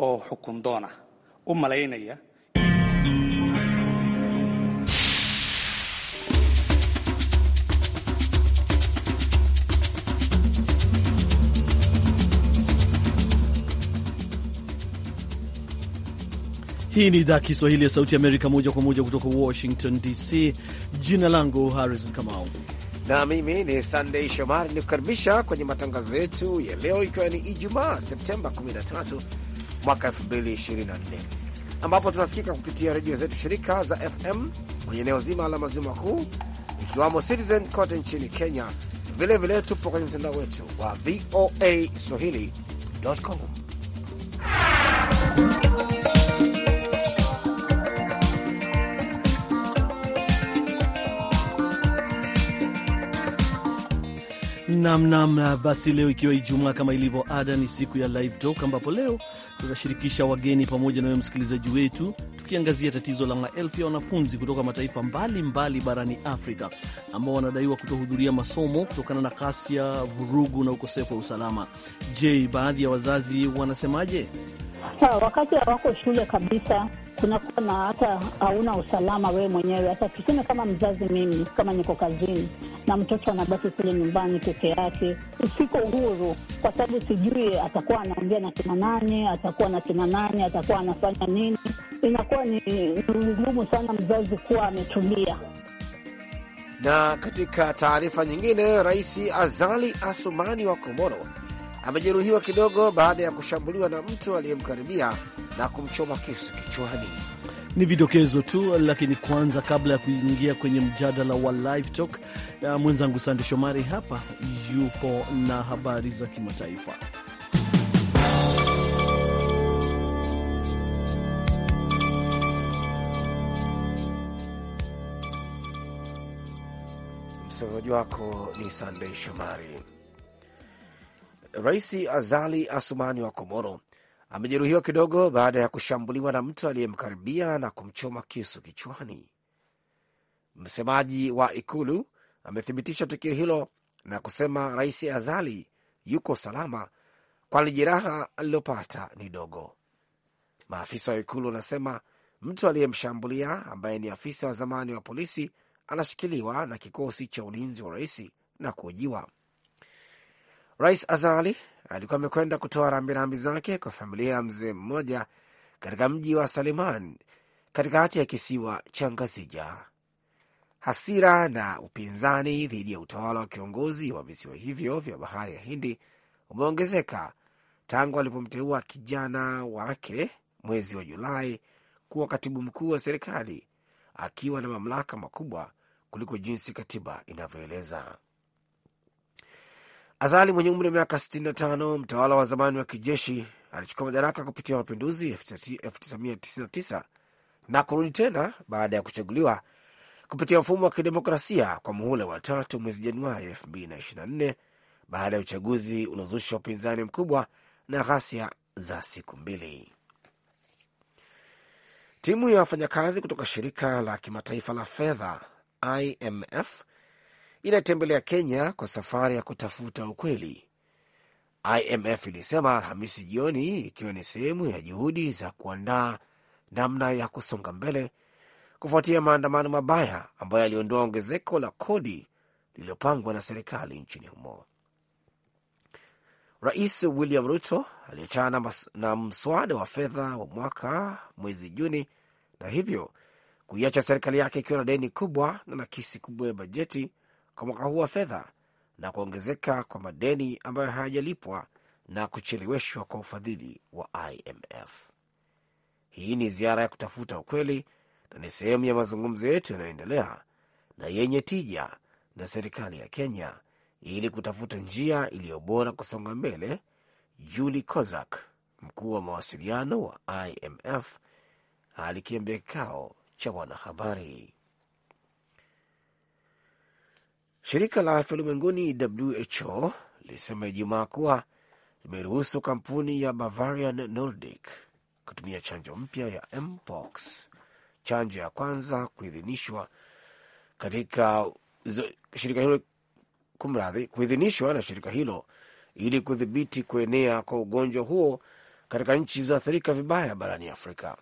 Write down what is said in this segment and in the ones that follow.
oo xukun doona u malaynaya Hii ni idhaa Kiswahili ya Sauti Amerika, moja kwa moja kutoka Washington DC. Jina langu Harrison Kamau na mimi ni Sandei Shomari, ni kukaribisha kwenye matangazo yetu ya leo, ikiwa ni Ijumaa Septemba 13 mwaka 2024 ambapo tunasikika kupitia redio zetu shirika za FM kwenye eneo zima la maziwa makuu ikiwamo Citizen kote nchini Kenya. Vilevile vile tupo kwenye mtandao wetu wa VOA swahili.com. Namnam nam. Basi leo ikiwa Ijumaa, kama ilivyo ada, ni siku ya live talk, ambapo leo tunashirikisha wageni pamoja na wewe msikilizaji wetu, tukiangazia tatizo la maelfu ya wanafunzi kutoka mataifa mbalimbali mbali barani Afrika ambao wanadaiwa kutohudhuria masomo kutokana na ghasia, vurugu na ukosefu wa usalama. Je, baadhi ya wazazi wanasemaje? Ha, wakati hawako shule kabisa, kunakuwa na hata hauna usalama wewe mwenyewe. Hata tuseme kama mzazi, mimi kama niko kazini na mtoto anabaki kule nyumbani peke yake, usiko huru, kwa sababu sijui atakuwa anaongea na kina nani, atakuwa na kina nani, atakuwa anafanya nini. Inakuwa ni ngumu sana mzazi kuwa ametulia. Na katika taarifa nyingine, Rais Azali Asumani wa Komoro amejeruhiwa kidogo baada ya kushambuliwa na mtu aliyemkaribia na kumchoma kisu kichwani. Ni vidokezo tu, lakini kwanza, kabla ya kuingia kwenye mjadala wa live talk, mwenzangu Sande Shomari hapa yupo na habari za kimataifa. Msomaji wako ni Sandei Shomari. Rais Azali Asumani wa Komoro amejeruhiwa kidogo baada ya kushambuliwa na mtu aliyemkaribia na kumchoma kisu kichwani. Msemaji wa ikulu amethibitisha tukio hilo na kusema Rais Azali yuko salama, kwani jeraha alilopata ni dogo. Maafisa wa ikulu wanasema mtu aliyemshambulia ambaye ni afisa wa zamani wa polisi anashikiliwa na kikosi cha ulinzi wa rais na kuhojiwa. Rais Azali alikuwa amekwenda kutoa rambirambi zake kwa familia ya mzee mmoja katika mji wa Saliman katikati ya kisiwa cha Ngazija. Hasira na upinzani dhidi ya utawala wa kiongozi wa visiwa hivyo vya bahari ya Hindi umeongezeka tangu alipomteua kijana wake mwezi wa Julai kuwa katibu mkuu wa serikali akiwa na mamlaka makubwa kuliko jinsi katiba inavyoeleza. Azali mwenye umri wa miaka 65, mtawala wa zamani wa kijeshi, alichukua madaraka kupitia mapinduzi 1999 na kurudi tena baada ya kuchaguliwa kupitia mfumo wa kidemokrasia kwa muhula wa tatu mwezi Januari 2024 baada ya uchaguzi unaozusha upinzani mkubwa na ghasia za siku mbili. Timu ya wafanyakazi kutoka shirika la kimataifa la fedha IMF inatembelea Kenya kwa safari ya kutafuta ukweli, IMF ilisema Alhamisi jioni, ikiwa ni sehemu ya juhudi za kuandaa namna ya kusonga mbele kufuatia maandamano mabaya ambayo yaliondoa ongezeko la kodi lililopangwa na serikali nchini humo. Rais William Ruto aliachana na mswada wa fedha wa mwaka mwezi Juni na hivyo kuiacha serikali yake ikiwa na deni kubwa na nakisi kubwa ya bajeti kwa mwaka huu wa fedha na kuongezeka kwa madeni ambayo hayajalipwa na kucheleweshwa kwa ufadhili wa IMF. Hii ni ziara ya kutafuta ukweli na ni sehemu ya mazungumzo yetu yanayoendelea na yenye tija na serikali ya Kenya ili kutafuta njia iliyo bora kusonga mbele, juli Kozak, mkuu wa mawasiliano wa IMF, alikiambia kikao cha wanahabari. Shirika la afya ulimwenguni WHO lilisema Ijumaa kuwa limeruhusu kampuni ya Bavarian Nordic kutumia chanjo mpya ya mpox, chanjo ya kwanza kuidhinishwa katika shirika hilo, kumradhi, kuidhinishwa na shirika hilo ili kudhibiti kuenea kwa ugonjwa huo katika nchi zilizoathirika vibaya barani Afrika.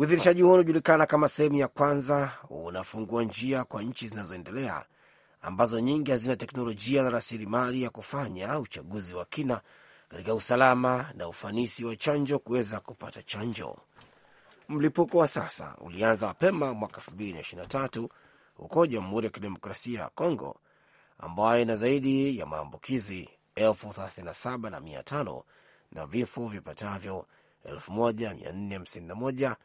Uidhinishaji huo unajulikana kama sehemu ya kwanza, unafungua njia kwa nchi zinazoendelea ambazo nyingi hazina teknolojia na rasilimali ya kufanya uchaguzi wa kina katika usalama na ufanisi wa chanjo kuweza kupata chanjo. Mlipuko wa sasa ulianza mapema mwaka 2023 huko Jamhuri ya Kidemokrasia ya Kongo, ambayo ina zaidi ya maambukizi 37,500 na vifo vipatavyo 1451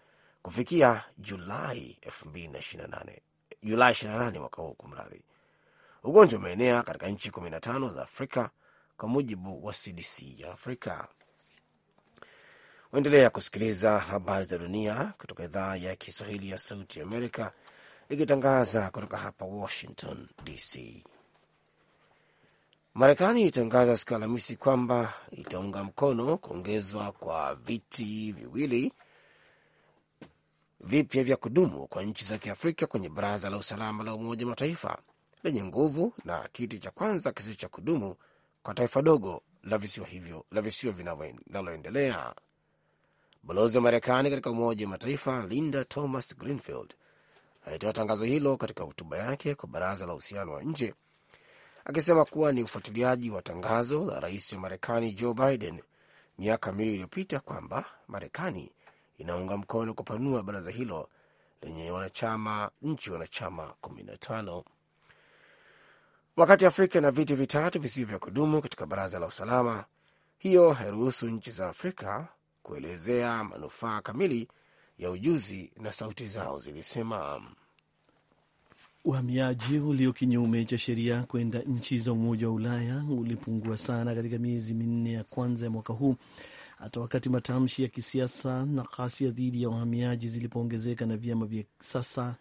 kufikia Julai 2028, Julai 28 mwaka huu, kumradhi. Ugonjwa umeenea katika nchi 15 za Afrika kwa mujibu wa CDC ya Afrika. Waendelea kusikiliza habari za dunia kutoka idhaa ya Kiswahili ya Sauti Amerika ikitangaza kutoka hapa Washington DC. Marekani ilitangaza siku ya Alhamisi kwamba itaunga mkono kuongezwa kwa viti viwili vipya vya kudumu kwa nchi za Kiafrika kwenye Baraza la Usalama la Umoja wa Mataifa lenye nguvu na kiti cha kwanza kisicho cha kudumu kwa taifa dogo la visiwa hivyo la visiwa vinavyoendelea. Balozi wa Marekani katika Umoja wa Mataifa Linda Thomas Greenfield alitoa tangazo hilo katika hotuba yake kwa Baraza la Uhusiano wa Nje, akisema kuwa ni ufuatiliaji wa tangazo la rais wa Marekani Joe Biden miaka miwili iliyopita kwamba Marekani inaunga mkono kupanua baraza hilo lenye wanachama nchi wanachama 15. Wakati Afrika ina viti vitatu visivyo vya kudumu katika baraza la usalama, hiyo hairuhusu nchi za Afrika kuelezea manufaa kamili ya ujuzi na sauti zao, zilisema. Uhamiaji ulio kinyume cha sheria kwenda nchi za Umoja wa Ulaya ulipungua sana katika miezi minne ya kwanza ya mwaka huu hata wakati matamshi ya kisiasa na ghasia dhidi ya wahamiaji zilipoongezeka na vyama vya sasa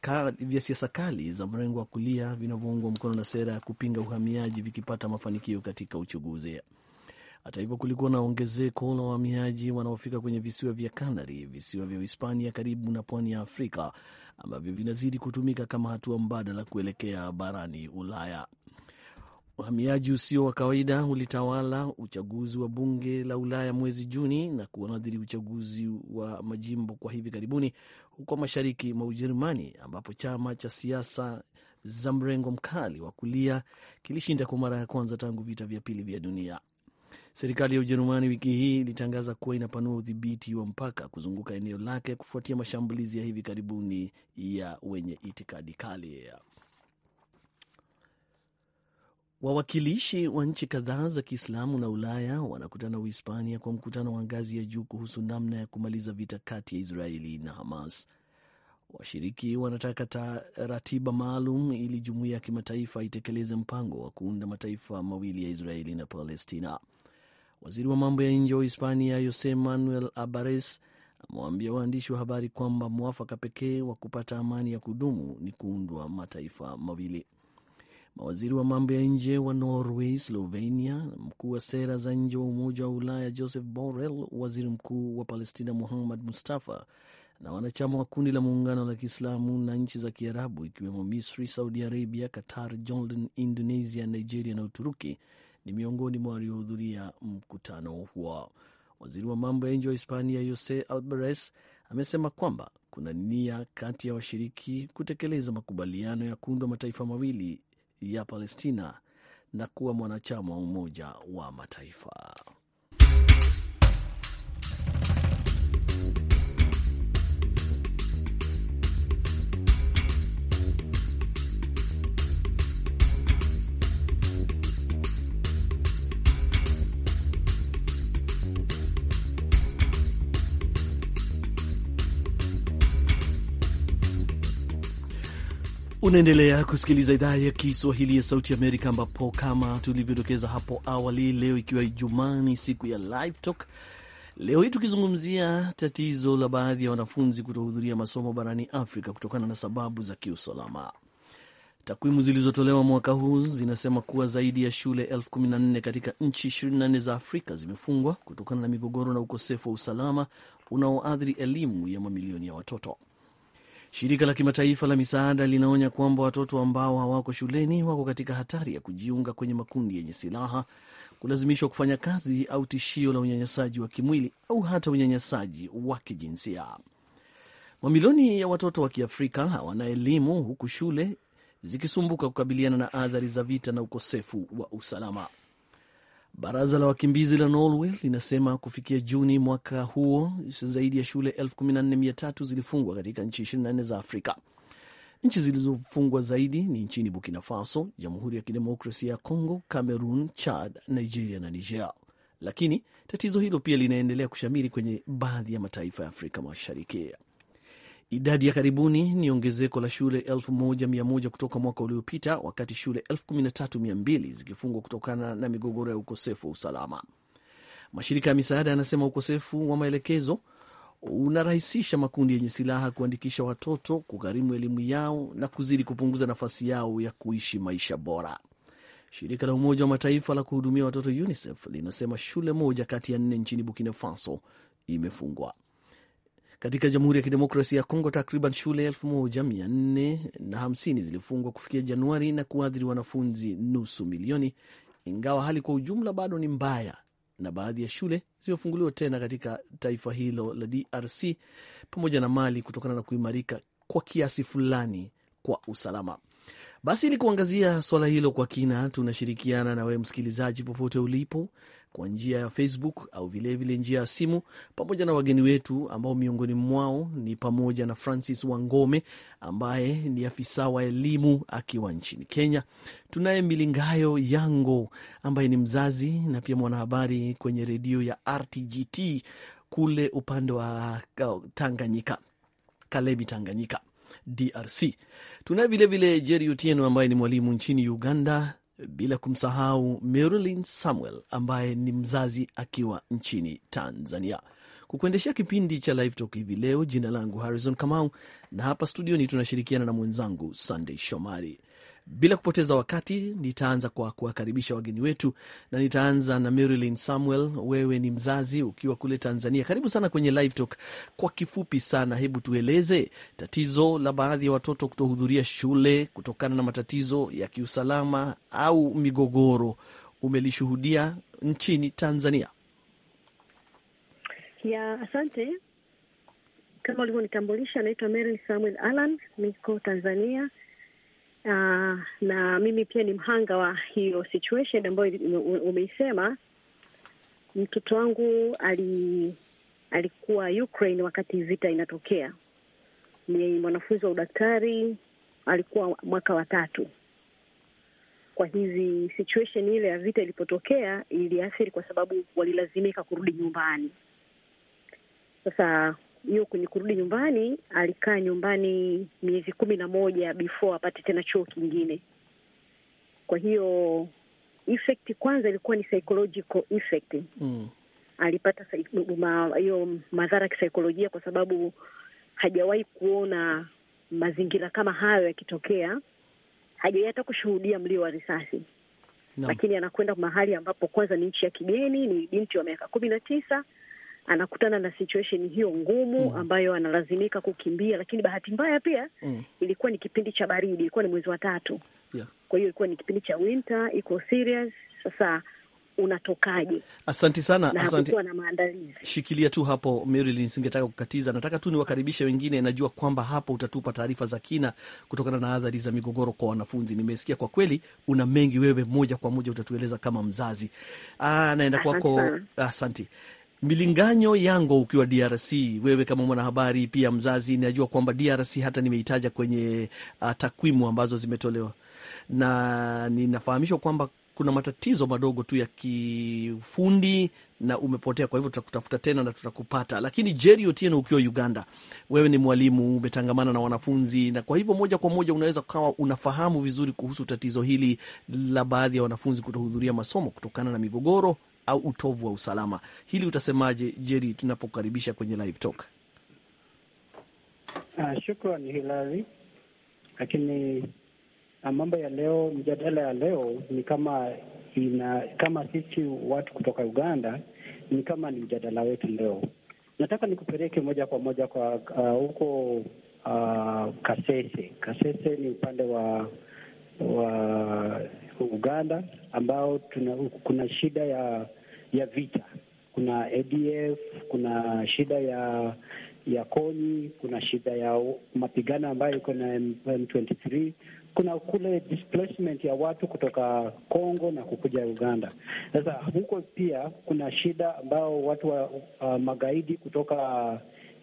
ka, vya siasa kali za mrengo wa kulia vinavyoungwa mkono na sera ya kupinga uhamiaji vikipata mafanikio katika uchaguzi. Hata hivyo, kulikuwa na ongezeko la wahamiaji wanaofika kwenye visiwa vya Kanari, visiwa vya Hispania karibu na pwani ya Afrika ambavyo vinazidi kutumika kama hatua mbadala kuelekea barani Ulaya. Uhamiaji usio wa kawaida ulitawala uchaguzi wa bunge la Ulaya mwezi Juni na kuathiri uchaguzi wa majimbo kwa hivi karibuni huko mashariki mwa Ujerumani, ambapo chama cha siasa za mrengo mkali wa kulia kilishinda kwa mara ya kwanza tangu vita vya pili vya dunia. Serikali ya Ujerumani wiki hii ilitangaza kuwa inapanua udhibiti wa mpaka kuzunguka eneo lake kufuatia mashambulizi ya hivi karibuni ya wenye itikadi kali. Wawakilishi wa nchi kadhaa za Kiislamu na Ulaya wanakutana Uhispania kwa mkutano wa ngazi ya juu kuhusu namna ya kumaliza vita kati ya Israeli na Hamas. Washiriki wanataka ratiba maalum ili jumuiya ya kimataifa itekeleze mpango wa kuunda mataifa mawili ya Israeli na Palestina. Waziri wa mambo ya nje wa Hispania Jose Manuel abares amewaambia waandishi wa habari kwamba mwafaka pekee wa kupata amani ya kudumu ni kuundwa mataifa mawili. Mawaziri wa mambo ya nje wa Norway, Slovenia mkuu wa sera za nje wa Umoja wa Ulaya Joseph Borrell, waziri mkuu wa Palestina Muhammad Mustafa na wanachama wa kundi la muungano la Kiislamu na nchi za Kiarabu ikiwemo Misri, Saudi Arabia, Qatar, Jordan, Indonesia, Nigeria na Uturuki ni miongoni mwa waliohudhuria mkutano huo. Waziri wa mambo ya nje wa Hispania Jose Albares amesema kwamba kuna nia kati ya washiriki kutekeleza makubaliano ya kuundwa mataifa mawili ya Palestina na kuwa mwanachama wa Umoja wa Mataifa. Unaendelea kusikiliza idhaa ya Kiswahili ya Sauti Amerika, ambapo kama tulivyodokeza hapo awali, leo ikiwa Ijumaa ni siku ya Live Talk, leo hii tukizungumzia tatizo la baadhi ya wanafunzi kutohudhuria masomo barani Afrika kutokana na sababu za kiusalama. Takwimu zilizotolewa mwaka huu zinasema kuwa zaidi ya shule elfu kumi na nne katika nchi 24 za Afrika zimefungwa kutokana na migogoro na ukosefu wa usalama unaoathiri elimu ya mamilioni ya watoto. Shirika la kimataifa la misaada linaonya kwamba watoto ambao hawako shuleni wako katika hatari ya kujiunga kwenye makundi yenye silaha, kulazimishwa kufanya kazi, au tishio la unyanyasaji wa kimwili au hata unyanyasaji wa kijinsia. Mamilioni ya watoto wa Kiafrika hawana elimu, huku shule zikisumbuka kukabiliana na athari za vita na ukosefu wa usalama. Baraza la wakimbizi la Norway linasema kufikia Juni mwaka huo zaidi ya shule 14300 zilifungwa katika nchi 24 za Afrika. Nchi zilizofungwa zaidi ni nchini Burkina Faso, Jamhuri ya Kidemokrasia ya Congo, Cameroon, Chad, Nigeria na Niger, lakini tatizo hilo pia linaendelea kushamiri kwenye baadhi ya mataifa ya Afrika Mashariki. Idadi ya karibuni ni ongezeko la shule 1100 kutoka mwaka uliopita, wakati shule 13200 zikifungwa kutokana na migogoro ya ukosefu wa usalama. Mashirika ya misaada yanasema ukosefu wa maelekezo unarahisisha makundi yenye silaha kuandikisha watoto, kugharimu elimu yao na kuzidi kupunguza nafasi yao ya kuishi maisha bora. Shirika la Umoja wa Mataifa la kuhudumia watoto UNICEF linasema shule moja kati ya nne nchini Burkina Faso imefungwa. Katika Jamhuri ya Kidemokrasia ya Kongo, takriban shule 1450 zilifungwa kufikia Januari na kuathiri wanafunzi nusu milioni, ingawa hali kwa ujumla bado ni mbaya na baadhi ya shule zimefunguliwa tena katika taifa hilo la DRC pamoja na Mali kutokana na kuimarika kwa kiasi fulani kwa usalama. Basi ili kuangazia swala hilo kwa kina, tunashirikiana na wewe msikilizaji, popote ulipo, kwa njia ya Facebook au vilevile vile njia ya simu, pamoja na wageni wetu ambao miongoni mwao ni pamoja na Francis Wangome ambaye ni afisa wa elimu akiwa nchini Kenya. Tunaye Milingayo Yango ambaye ni mzazi na pia mwanahabari kwenye redio ya RTGT kule upande wa uh, Tanganyika, Kalebi, Tanganyika, DRC. Tunaye vilevile Jeri Otieno ambaye ni mwalimu nchini Uganda bila kumsahau Marilyn Samuel ambaye ni mzazi akiwa nchini Tanzania. Kukuendeshea kipindi cha Live Talk hivi leo, jina langu Harrison Kamau, na hapa studioni tunashirikiana na mwenzangu Sunday Shomari. Bila kupoteza wakati, nitaanza kwa kuwakaribisha wageni wetu na nitaanza na Marilyn Samuel. Wewe ni mzazi ukiwa kule Tanzania, karibu sana kwenye Live Talk. Kwa kifupi sana, hebu tueleze tatizo la baadhi ya watoto kutohudhuria shule kutokana na matatizo ya kiusalama au migogoro, umelishuhudia nchini Tanzania? Ya, asante. Kama ulivyonitambulisha, naitwa Mary Samuel Alan, niko Tanzania Uh, na mimi pia ni mhanga wa hiyo situation ambayo umeisema. Mtoto wangu ali, alikuwa Ukraine wakati vita inatokea. Ni mwanafunzi wa udaktari, alikuwa mwaka wa tatu. Kwa hizi situation ile ya vita ilipotokea, iliathiri kwa sababu walilazimika kurudi nyumbani. Sasa hiyo kwenye kurudi nyumbani, alikaa nyumbani miezi kumi na moja before apate tena chuo kingine. Kwa hiyo effect kwanza ilikuwa ni psychological effect mm. Alipata hiyo madhara ya kisaikolojia kwa sababu hajawahi kuona mazingira kama hayo yakitokea, hajawahi hata kushuhudia mlio wa risasi no. Lakini anakwenda mahali ambapo kwanza ni nchi ya kigeni, ni binti wa miaka kumi na tisa anakutana na situation hiyo ngumu mm. ambayo analazimika kukimbia, lakini bahati mbaya pia mm. ilikuwa ni kipindi cha baridi, ilikuwa ni mwezi wa tatu yeah. Kwa hiyo ilikuwa ni kipindi cha winter, iko serious sasa unatokaje? Asanti sana na asanti. Na maandalizi shikilia tu hapo Marilyn, singetaka kukatiza, nataka tu niwakaribishe wengine. Najua kwamba hapo utatupa taarifa za kina kutokana na adhari za migogoro kwa wanafunzi. Nimesikia kwa kweli una mengi wewe, moja kwa moja utatueleza kama mzazi. Aa, ah, naenda kwako, asanti milinganyo yango ukiwa DRC, wewe kama mwanahabari pia mzazi, najua kwamba DRC hata nimeitaja kwenye uh, takwimu ambazo zimetolewa na ninafahamishwa kwamba kuna matatizo madogo tu ya kifundi na umepotea, kwa hivyo tutakutafuta tena na tutakupata. Lakini Jeri Otieno, ukiwa Uganda, wewe ni mwalimu, umetangamana na wanafunzi, na kwa hivyo moja kwa moja unaweza ukawa unafahamu vizuri kuhusu tatizo hili la baadhi ya wanafunzi kutohudhuria masomo kutokana na migogoro au utovu wa usalama. Hili utasemaje, jeri tunapokaribisha kwenye live talk? Uh, ah, shukrani Hilari, lakini ah, mambo ya leo, mjadala ya leo ni kama ina kama sisi watu kutoka Uganda ni kama ni mjadala wetu leo. Nataka nikupeleke moja kwa moja kwa ah, huko uh, uh, Kasese. Kasese ni upande wa wa Uganda ambao tuna, kuna shida ya ya vita. Kuna ADF, kuna shida ya ya Koni, kuna shida ya mapigano ambayo iko na M23, kuna kule displacement ya watu kutoka congo na kukuja Uganda. Sasa huko pia kuna shida ambao watu wa uh, magaidi kutoka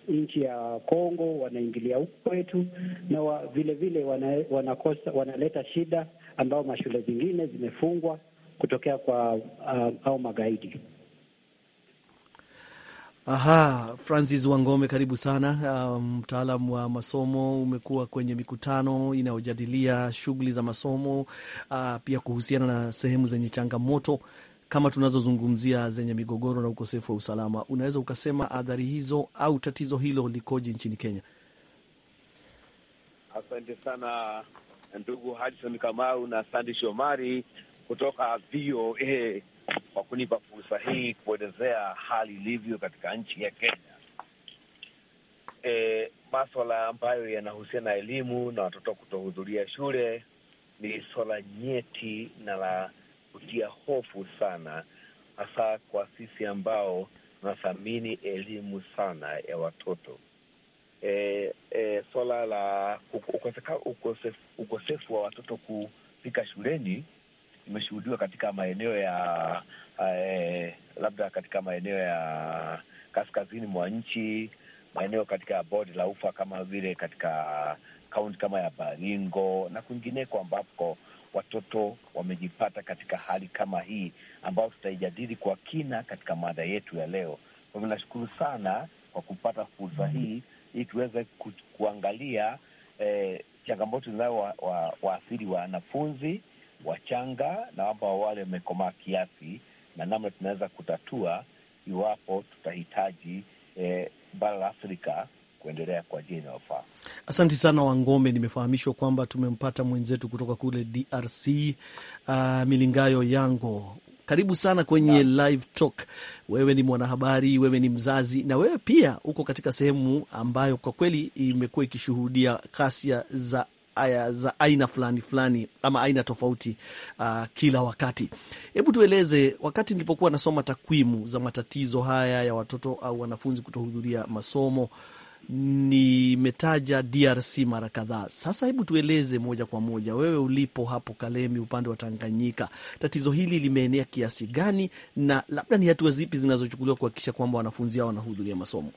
nchi ya congo wanaingilia huko kwetu na wa, vile vile wana, wanakosa wanaleta shida ambao mashule zingine zimefungwa kutokea kwa uh, au magaidi. Aha, Francis Wangome, karibu sana uh, mtaalam um, wa masomo. Umekuwa kwenye mikutano inayojadilia shughuli za masomo uh, pia kuhusiana na sehemu zenye changamoto kama tunazozungumzia zenye migogoro na ukosefu wa usalama. Unaweza ukasema adhari hizo au tatizo hilo likoje nchini Kenya? Asante sana ndugu Harison Kamau na Sandi Shomari kutoka VOA kwa kunipa fursa hii kuelezea hali ilivyo katika nchi ya Kenya. E, maswala ambayo yanahusiana na elimu na watoto kutohudhuria shule ni swala nyeti na la kutia hofu sana, hasa kwa sisi ambao tunathamini elimu sana ya watoto. E, e, swala la ukosefu wa watoto kufika shuleni imeshuhudiwa katika maeneo ya eh, labda katika maeneo ya kaskazini mwa nchi, maeneo katika bonde la ufa kama vile katika kaunti kama ya Baringo na kwingineko ambapo watoto wamejipata katika hali kama hii ambayo tutaijadili kwa kina katika mada yetu ya leo. Kwa hivyo nashukuru sana kwa kupata fursa hii ili tuweze ku, kuangalia eh, changamoto zinazowaathiri wa, wanafunzi wachanga na ambao wale wamekomaa kiasi, na namna tunaweza kutatua iwapo tutahitaji eh, bara la Afrika kuendelea kwa njia inayofaa. Asante sana wangome nimefahamishwa kwamba tumempata mwenzetu kutoka kule DRC, uh, ah, Milingayo Yango. Karibu sana kwenye na Live Talk. Wewe ni mwanahabari, wewe ni mzazi, na wewe pia uko katika sehemu ambayo kwa kweli imekuwa ikishuhudia ghasia za aya za aina fulani fulani ama aina tofauti uh, kila wakati. Hebu tueleze, wakati nilipokuwa nasoma takwimu za matatizo haya ya watoto au wanafunzi kutohudhuria masomo nimetaja DRC mara kadhaa. Sasa hebu tueleze moja kwa moja, wewe ulipo hapo Kalemi upande wa Tanganyika, tatizo hili limeenea kiasi gani, na labda ni hatua zipi zinazochukuliwa kuhakikisha kwamba wanafunzi hao wanahudhuria masomo?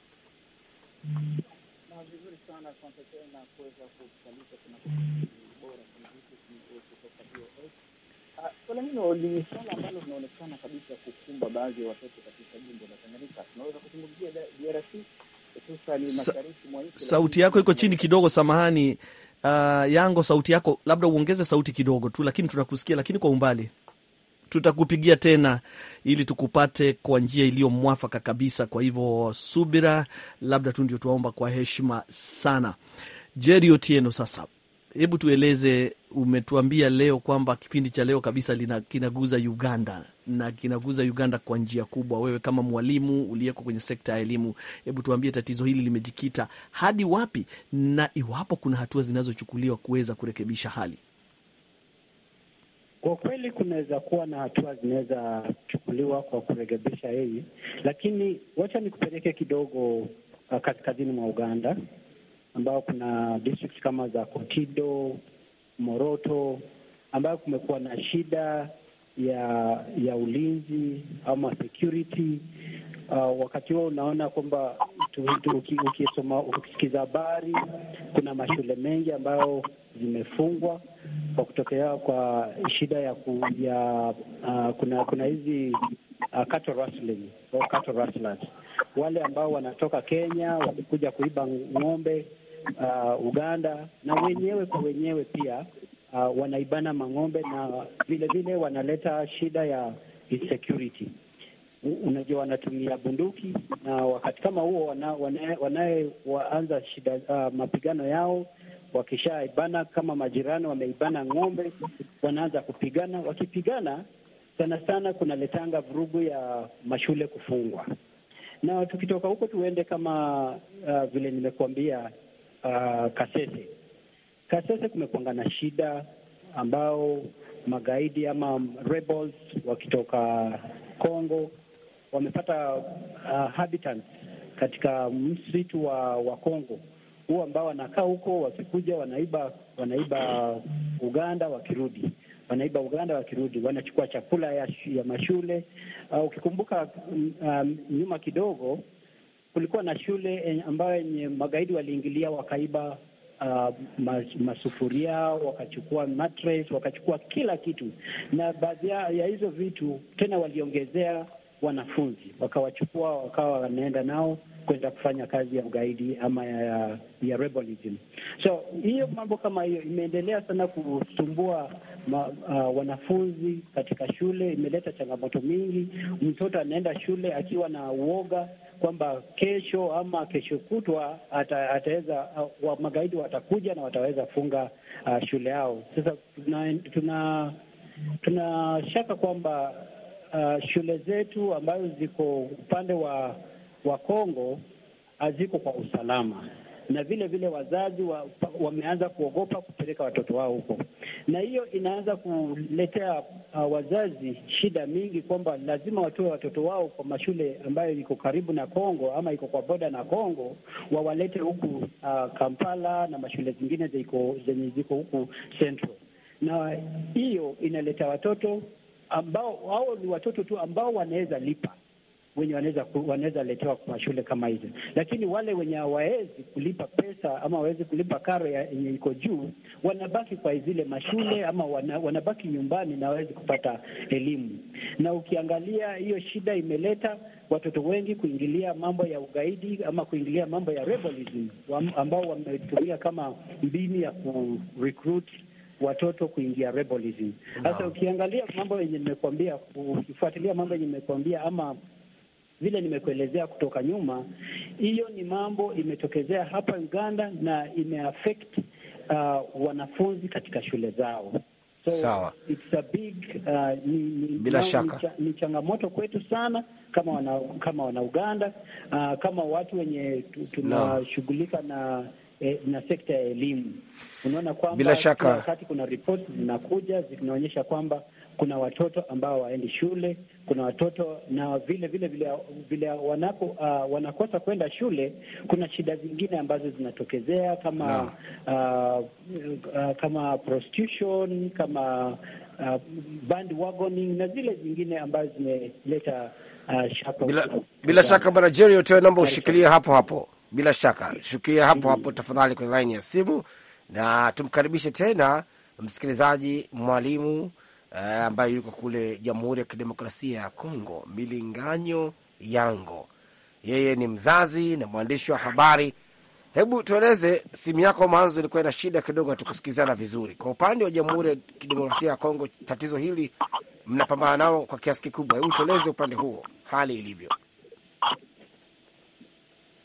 Swala hilo ni swala ambalo linaonekana kabisa kukumba baadhi ya watoto katika jimbo la Tanganyika. Tunaweza kuzungumzia DRC mashariki mwa nchi. Sauti yako iko chini kidogo, samahani. Uh, yango sauti yako labda uongeze sauti kidogo tu, lakini tunakusikia, lakini kwa umbali. Tutakupigia tena ili tukupate kwa njia iliyo mwafaka kabisa. Kwa hivyo subira, labda tu ndio tuwaomba kwa heshima sana. Jeri Otieno sasa hebu tueleze, umetuambia leo kwamba kipindi cha leo kabisa lina, kinaguza Uganda na kinaguza Uganda kwa njia kubwa. Wewe kama mwalimu uliyeko kwenye sekta ya elimu, hebu tuambie tatizo hili limejikita hadi wapi na iwapo kuna hatua zinazochukuliwa kuweza kurekebisha hali? Kwa kweli kunaweza kuwa na hatua zinaweza chukuliwa kwa kurekebisha hii, lakini wacha nikupeleke kidogo uh, kaskazini mwa Uganda ambao kuna districts kama za Kotido, Moroto, ambayo kumekuwa na shida ya ya ulinzi ama security. Uh, wakati huo unaona kwamba ukisoma ukisikiza habari, kuna mashule mengi ambayo zimefungwa kwa kutokea kwa shida ya, ku, ya uh, kuna kuna hizi uh, cattle rustling, cattle rustlers wale ambao wanatoka Kenya wakikuja kuiba ng'ombe uh, Uganda na wenyewe kwa wenyewe pia uh, wanaibana mang'ombe na vilevile wanaleta shida ya insecurity. Unajua, wanatumia bunduki na wakati kama huo wanayeanza shida uh, mapigano yao wakishaibana, kama majirani wameibana ng'ombe, wanaanza kupigana. Wakipigana sana sana kunaletanga vurugu ya mashule kufungwa, na tukitoka huko tuende kama uh, vile nimekuambia uh, Kasese. Kasese kumekwanga na shida ambao magaidi ama rebels wakitoka Congo wamepata uh, habitants katika msitu wa wa Congo huo ambao wanakaa huko, wakikuja wanaiba wanaiba Uganda, wakirudi wanaiba Uganda, wakirudi wanachukua chakula ya, ya mashule. Uh, ukikumbuka um, um nyuma kidogo kulikuwa na shule ambayo yenye magaidi waliingilia wakaiba Uh, masufuria wakachukua mattress, wakachukua kila kitu, na baadhi ya hizo vitu tena waliongezea wanafunzi, wakawachukua wakawa wanaenda nao kwenda kufanya kazi ya ugaidi ama ya, ya rebelism. So hiyo mambo kama hiyo imeendelea sana kusumbua ma, uh, wanafunzi katika shule, imeleta changamoto mingi. Mtoto anaenda shule akiwa na uoga kwamba kesho ama kesho kutwa ata, ataweza uh, magaidi watakuja na wataweza funga uh, shule yao. Sasa tuna, tuna, tuna shaka kwamba uh, shule zetu ambazo ziko upande wa wa Kongo haziko kwa usalama na vile vile wazazi wa, wameanza kuogopa kupeleka watoto wao huko, na hiyo inaanza kuletea uh, wazazi shida mingi, kwamba lazima watoe watoto wao kwa mashule ambayo iko karibu na Kongo ama iko kwa boda na Kongo, wawalete huku uh, Kampala na mashule zingine zenye ziko huku Central, na hiyo inaleta watoto ambao hao ni watoto tu ambao wanaweza lipa wenye wanaweza wanaweza letewa kwa shule kama hizo, lakini wale wenye hawawezi kulipa pesa ama hawawezi kulipa karo yenye iko juu wanabaki kwa zile mashule ama wana, wanabaki nyumbani na hawawezi kupata elimu. Na ukiangalia hiyo shida imeleta watoto wengi kuingilia mambo ya ugaidi ama kuingilia mambo ya rebelism, ambao wametumia kama mbini ya ku recruit watoto kuingia rebelism. Sasa ukiangalia mambo yenye nimekwambia, ukifuatilia mambo yenye nimekwambia ama vile nimekuelezea kutoka nyuma, hiyo ni mambo imetokezea hapa Uganda na imeaffect uh, wanafunzi katika shule zao. So sawa, it's a big uh, ni, ni, bila shaka ni, changamoto kwetu sana kama wana kama wana Uganda uh, kama watu wenye tunashughulika no. na eh, na sekta ya elimu unaona kwamba bila shaka wakati kuna ripoti zinakuja zinaonyesha kwamba kuna watoto ambao waendi shule, kuna watoto na vile vile vile, vile wanapo, uh, wanakosa kwenda shule, kuna shida zingine ambazo zinatokezea kama uh, uh, kama prostitution, kama uh, bandwagoning na zile zingine ambazo zimeleta uh, bila, bila shaka Bwana Jerry, utoe namba ushikilie hapo hapo, bila shaka mm-hmm. shikilia hapo mm -hmm. hapo tafadhali, kwenye laini ya simu, na tumkaribishe tena msikilizaji mwalimu Eh, ambaye yuko kule Jamhuri ya Kidemokrasia ya Kongo, Milinganyo Yango. Yeye ni mzazi na mwandishi wa habari. Hebu tueleze, simu yako mwanzo ilikuwa ina shida kidogo, hatukusikizana vizuri. Kwa upande wa Jamhuri ya Kidemokrasia ya Kongo, tatizo hili mnapambana nao kwa kiasi kikubwa. Hebu tueleze upande huo hali ilivyo.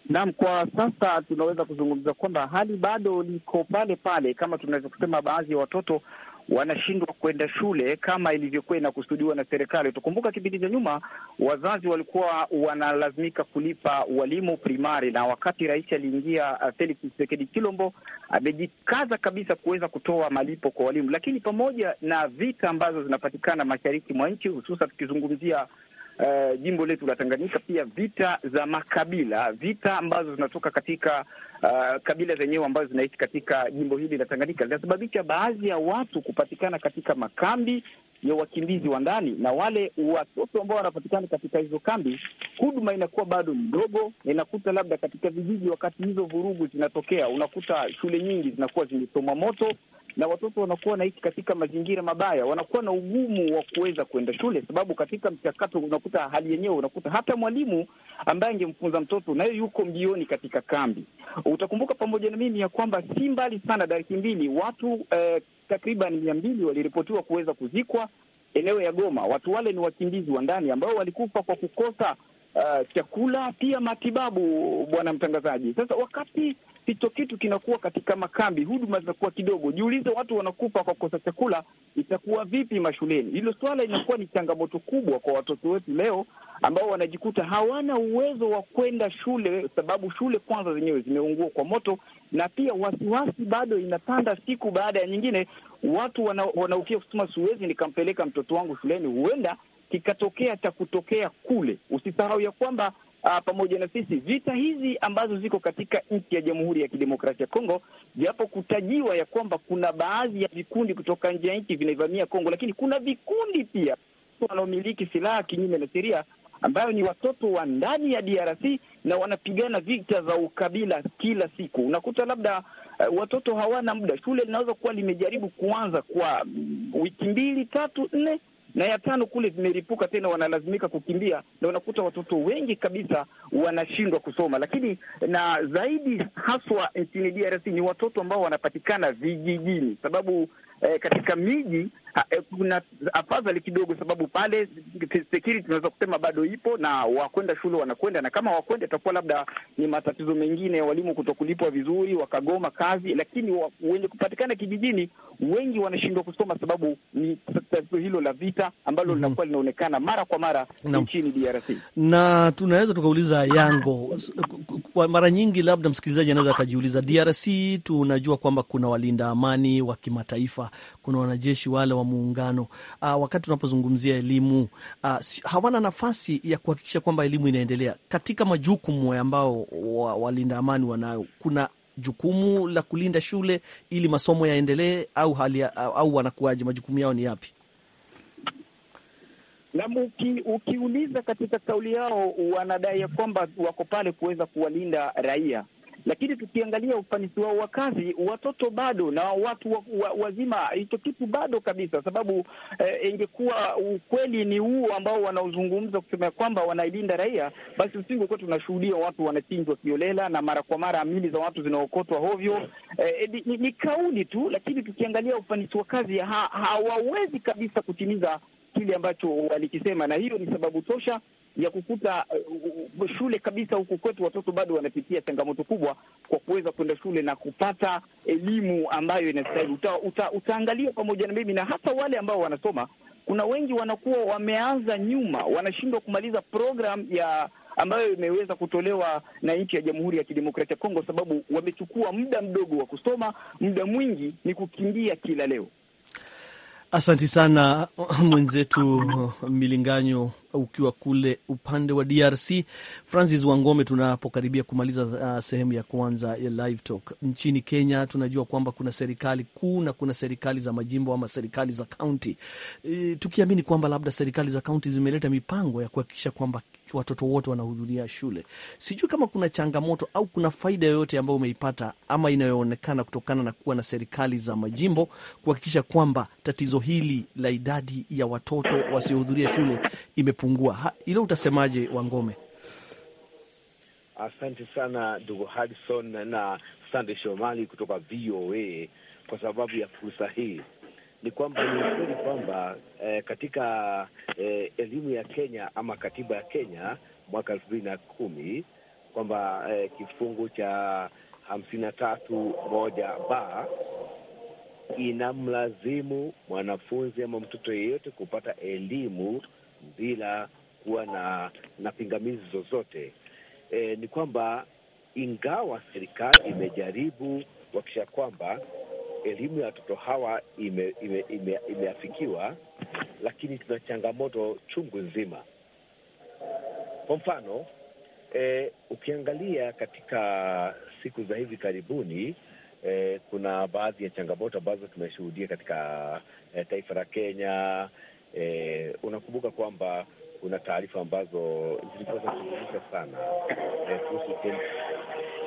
Naam, kwa sasa tunaweza kuzungumza kwamba hali bado liko pale pale, kama tunavyosema, baadhi ya watoto wanashindwa kwenda shule kama ilivyokuwa inakusudiwa na serikali. Tukumbuka kipindi cha nyuma, wazazi walikuwa wanalazimika kulipa walimu primari, na wakati rais aliingia, uh, Felix Tshisekedi Chilombo amejikaza kabisa kuweza kutoa malipo kwa walimu, lakini pamoja na vita ambazo zinapatikana mashariki mwa nchi, hususan tukizungumzia uh, jimbo letu la Tanganyika, pia vita za makabila, vita ambazo zinatoka katika uh, kabila zenyewe ambazo zinaishi katika jimbo hili la Tanganyika linasababisha baadhi ya watu kupatikana katika makambi ya wakimbizi wa ndani, na wale watoto ambao wanapatikana katika hizo kambi, huduma inakuwa bado ndogo. Inakuta labda katika vijiji, wakati hizo vurugu zinatokea, unakuta shule nyingi zinakuwa zimechomwa moto na watoto wanakuwa naishi katika mazingira mabaya, wanakuwa na ugumu wa kuweza kuenda shule, sababu katika mchakato unakuta hali yenyewe, unakuta hata mwalimu ambaye angemfunza mtoto naye yuko mjioni katika kambi. Utakumbuka pamoja na mimi ya kwamba si mbali sana Dariki Mbili, watu eh, takriban mia mbili waliripotiwa kuweza kuzikwa eneo ya Goma. Watu wale ni wakimbizi wa ndani ambao walikufa kwa kukosa uh, chakula pia matibabu, bwana mtangazaji. Sasa wakati hicho kitu kinakuwa katika makambi, huduma zinakuwa kidogo, jiulize, watu wanakufa kwa kukosa chakula, itakuwa vipi mashuleni? Hilo swala inakuwa ni changamoto kubwa kwa watoto wetu leo ambao wanajikuta hawana uwezo wa kwenda shule, sababu shule kwanza zenyewe zimeungua kwa moto, na pia wasiwasi bado inatanda siku baada ya nyingine. Watu wanahofia wana kusema, siwezi nikampeleka mtoto wangu shuleni, huenda kikatokea cha kutokea kule. Usisahau ya kwamba Uh, pamoja na sisi vita hizi ambazo ziko katika nchi ya Jamhuri ya Kidemokrasia ya Kongo, japo kutajiwa ya kwamba kuna baadhi ya vikundi kutoka nje ya nchi vinaivamia Kongo, lakini kuna vikundi pia wanaomiliki silaha kinyume na sheria, ambayo ni watoto wa ndani ya DRC na wanapigana vita za ukabila kila siku. Unakuta labda uh, watoto hawana muda, shule linaweza kuwa limejaribu kuanza kwa mm, wiki mbili tatu nne na ya tano kule vimeripuka tena, wanalazimika kukimbia, na unakuta watoto wengi kabisa wanashindwa kusoma. Lakini na zaidi haswa nchini DRC ni watoto ambao wanapatikana vijijini, sababu eh, katika miji Eh, kuna afadhali kidogo, sababu pale security tunaweza kusema bado ipo na wakwenda shule wanakwenda, na kama wakwenda itakuwa labda ni matatizo mengine ya walimu kutokulipwa vizuri, wakagoma kazi. Lakini wenye kupatikana kijijini wengi wanashindwa kusoma, sababu ni tatizo hilo la vita ambalo mhm. linakuwa linaonekana mara kwa mara nchini DRC. Na tunaweza tukauliza yango kwa mara nyingi, labda msikilizaji anaweza akajiuliza, DRC tunajua kwamba kuna walinda amani wa kimataifa, kuna wanajeshi wale wa wa muungano. Uh, wakati tunapozungumzia elimu uh, hawana nafasi ya kuhakikisha kwamba elimu inaendelea katika majukumu ambao walinda wa amani wanayo. Kuna jukumu la kulinda shule ili masomo yaendelee, au hali au wanakuwaje? Majukumu yao ni yapi? Na uki, ukiuliza katika kauli yao wanadai ya kwamba wako pale kuweza kuwalinda raia, lakini tukiangalia ufanisi wao wa kazi, watoto bado na watu wa, wa, wazima, hicho kitu bado kabisa, sababu eh, ingekuwa ukweli ni huo ambao wanaozungumza kusema kwamba wanailinda raia, basi usingekuwa tunashuhudia watu wanachinjwa kiolela na mara kwa mara mili za watu zinaokotwa hovyo. Eh, ni, ni kauli tu, lakini tukiangalia ufanisi wa kazi hawawezi ha, kabisa kutimiza kile ambacho walikisema, na hiyo ni sababu tosha ya kukuta uh, uh, shule kabisa huku kwetu watoto bado wanapitia changamoto kubwa kwa kuweza kwenda shule na kupata elimu ambayo inastahili. Uta, uta, utaangalia pamoja na mimi na hata wale ambao wanasoma, kuna wengi wanakuwa wameanza nyuma, wanashindwa kumaliza program ya ambayo imeweza kutolewa na nchi ya Jamhuri ya Kidemokrasia ya Kongo, sababu wamechukua muda mdogo wa kusoma, muda mwingi ni kukimbia kila leo. Asanti sana mwenzetu Milinganyo ukiwa kule upande wa DRC. Francis Wangome, tunapokaribia kumaliza uh, sehemu ya kwanza ya live talk, nchini Kenya tunajua kwamba kuna serikali kuu na kuna serikali za majimbo ama serikali za kaunti e, tukiamini kwamba labda serikali za kaunti zimeleta mipango ya kuhakikisha kwamba watoto wote wanahudhuria shule. Sijui kama kuna changamoto au kuna faida yoyote ambayo umeipata ama inayoonekana kutokana na kuwa na serikali za majimbo kuhakikisha kwamba tatizo hili la idadi ya watoto wasiohudhuria shule ime kupungua. Ha, utasemaje wa Ngome? Asante sana ndugu Harrison na Sande Shomali kutoka VOA kwa sababu ya fursa hii. Ni kwamba ni ukweli kwamba eh, katika eh, elimu ya Kenya ama katiba ya Kenya mwaka elfu mbili na kumi kwamba eh, kifungu cha hamsini na tatu moja ba inamlazimu mwanafunzi ama mtoto yeyote kupata elimu bila kuwa na na pingamizi zozote. E, ni kwamba ingawa serikali imejaribu kuhakikisha kwamba elimu ya watoto hawa ime, ime, ime, imeafikiwa, lakini tuna changamoto chungu nzima. Kwa mfano e, ukiangalia katika siku za hivi karibuni e, kuna baadhi ya changamoto ambazo tumeshuhudia katika e, taifa la Kenya e, unakumbuka kwamba kuna taarifa ambazo zilikuwa zinazungumza sana eh, kuhusu